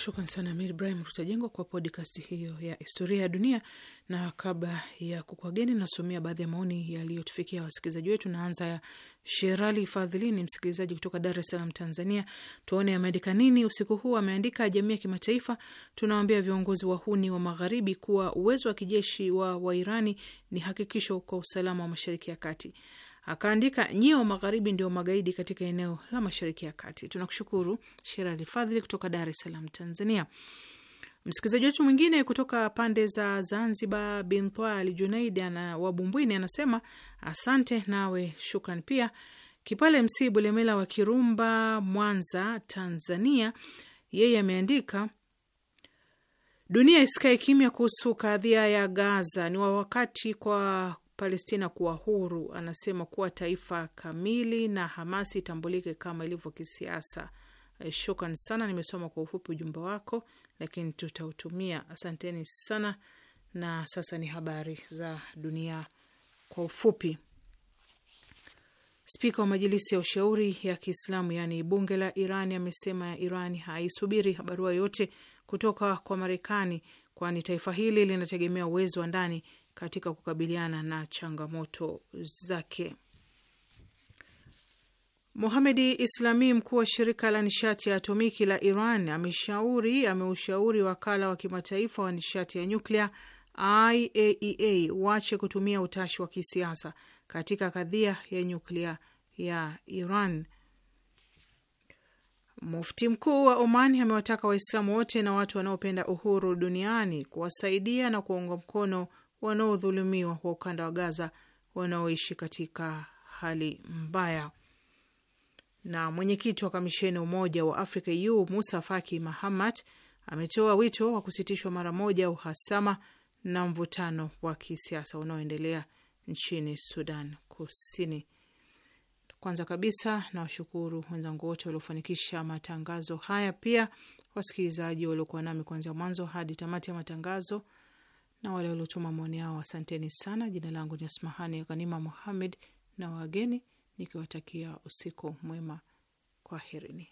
Shukran sana Amir Ibrahim Rutajengwa kwa podcast hiyo ya historia ya dunia. Na kabla ya kukwageni, nasomea baadhi ya maoni yaliyotufikia wasikilizaji wetu. Naanza ya Sherali Fadhilini, msikilizaji kutoka Dar es Salaam, Tanzania. Tuone ameandika nini usiku huu. Ameandika, jamii ya kimataifa, tunawaambia viongozi wahuni wa magharibi kuwa uwezo wa kijeshi wa Wairani ni hakikisho kwa usalama wa Mashariki ya Kati akaandika nyie wa magharibi ndio magaidi katika eneo la mashariki ya kati. Tunakushukuru Sherali Fadhili kutoka Dar es Salaam, Tanzania. Msikilizaji wetu mwingine kutoka pande za Zanzibar, Bintwali Junaidi ana wa Bumbwini anasema asante, nawe shukran pia. Kipale MC Bulemela wa Kirumba, Mwanza, Tanzania, yeye ameandika dunia isikae kimya kuhusu kadhia ya Gaza. Ni wa wakati kwa Palestina kuwa huru. Anasema kuwa taifa kamili na Hamasi itambulike kama ilivyo kisiasa. Eh, shukran sana, nimesoma kwa ufupi ujumbe wako, lakini tutautumia. Asanteni sana. Na sasa ni habari za dunia kwa ufupi. Spika wa Majilisi ya Ushauri ya Kiislamu yaani bunge la iran amesema iran haisubiri barua yote kutoka kwa Marekani, kwani taifa hili linategemea uwezo wa ndani katika kukabiliana na changamoto zake. Mohamedi Islami, mkuu wa shirika la nishati ya atomiki la Iran, ameshauri ameushauri wakala wa kimataifa wa nishati ya nyuklia IAEA wache e kutumia utashi wa kisiasa katika kadhia ya nyuklia ya Iran. Mufti mkuu wa Oman amewataka Waislamu wote na watu wanaopenda uhuru duniani kuwasaidia na kuwaunga mkono wanaodhulumiwa wa ukanda wa Gaza wanaoishi katika hali mbaya. Na mwenyekiti wa kamisheni Umoja wa Afrika e u Musa Faki Mahamat ametoa wito wa kusitishwa mara moja uhasama na mvutano wa kisiasa unaoendelea nchini Sudan Kusini. Kwanza kabisa nawashukuru wenzangu wote waliofanikisha matangazo haya, pia wasikilizaji waliokuwa nami kuanzia mwanzo hadi tamati ya matangazo na wale waliotuma maoni yao, asanteni sana. Jina langu ni Asmahani Ghanima Muhammed na wageni nikiwatakia usiku mwema, kwaherini.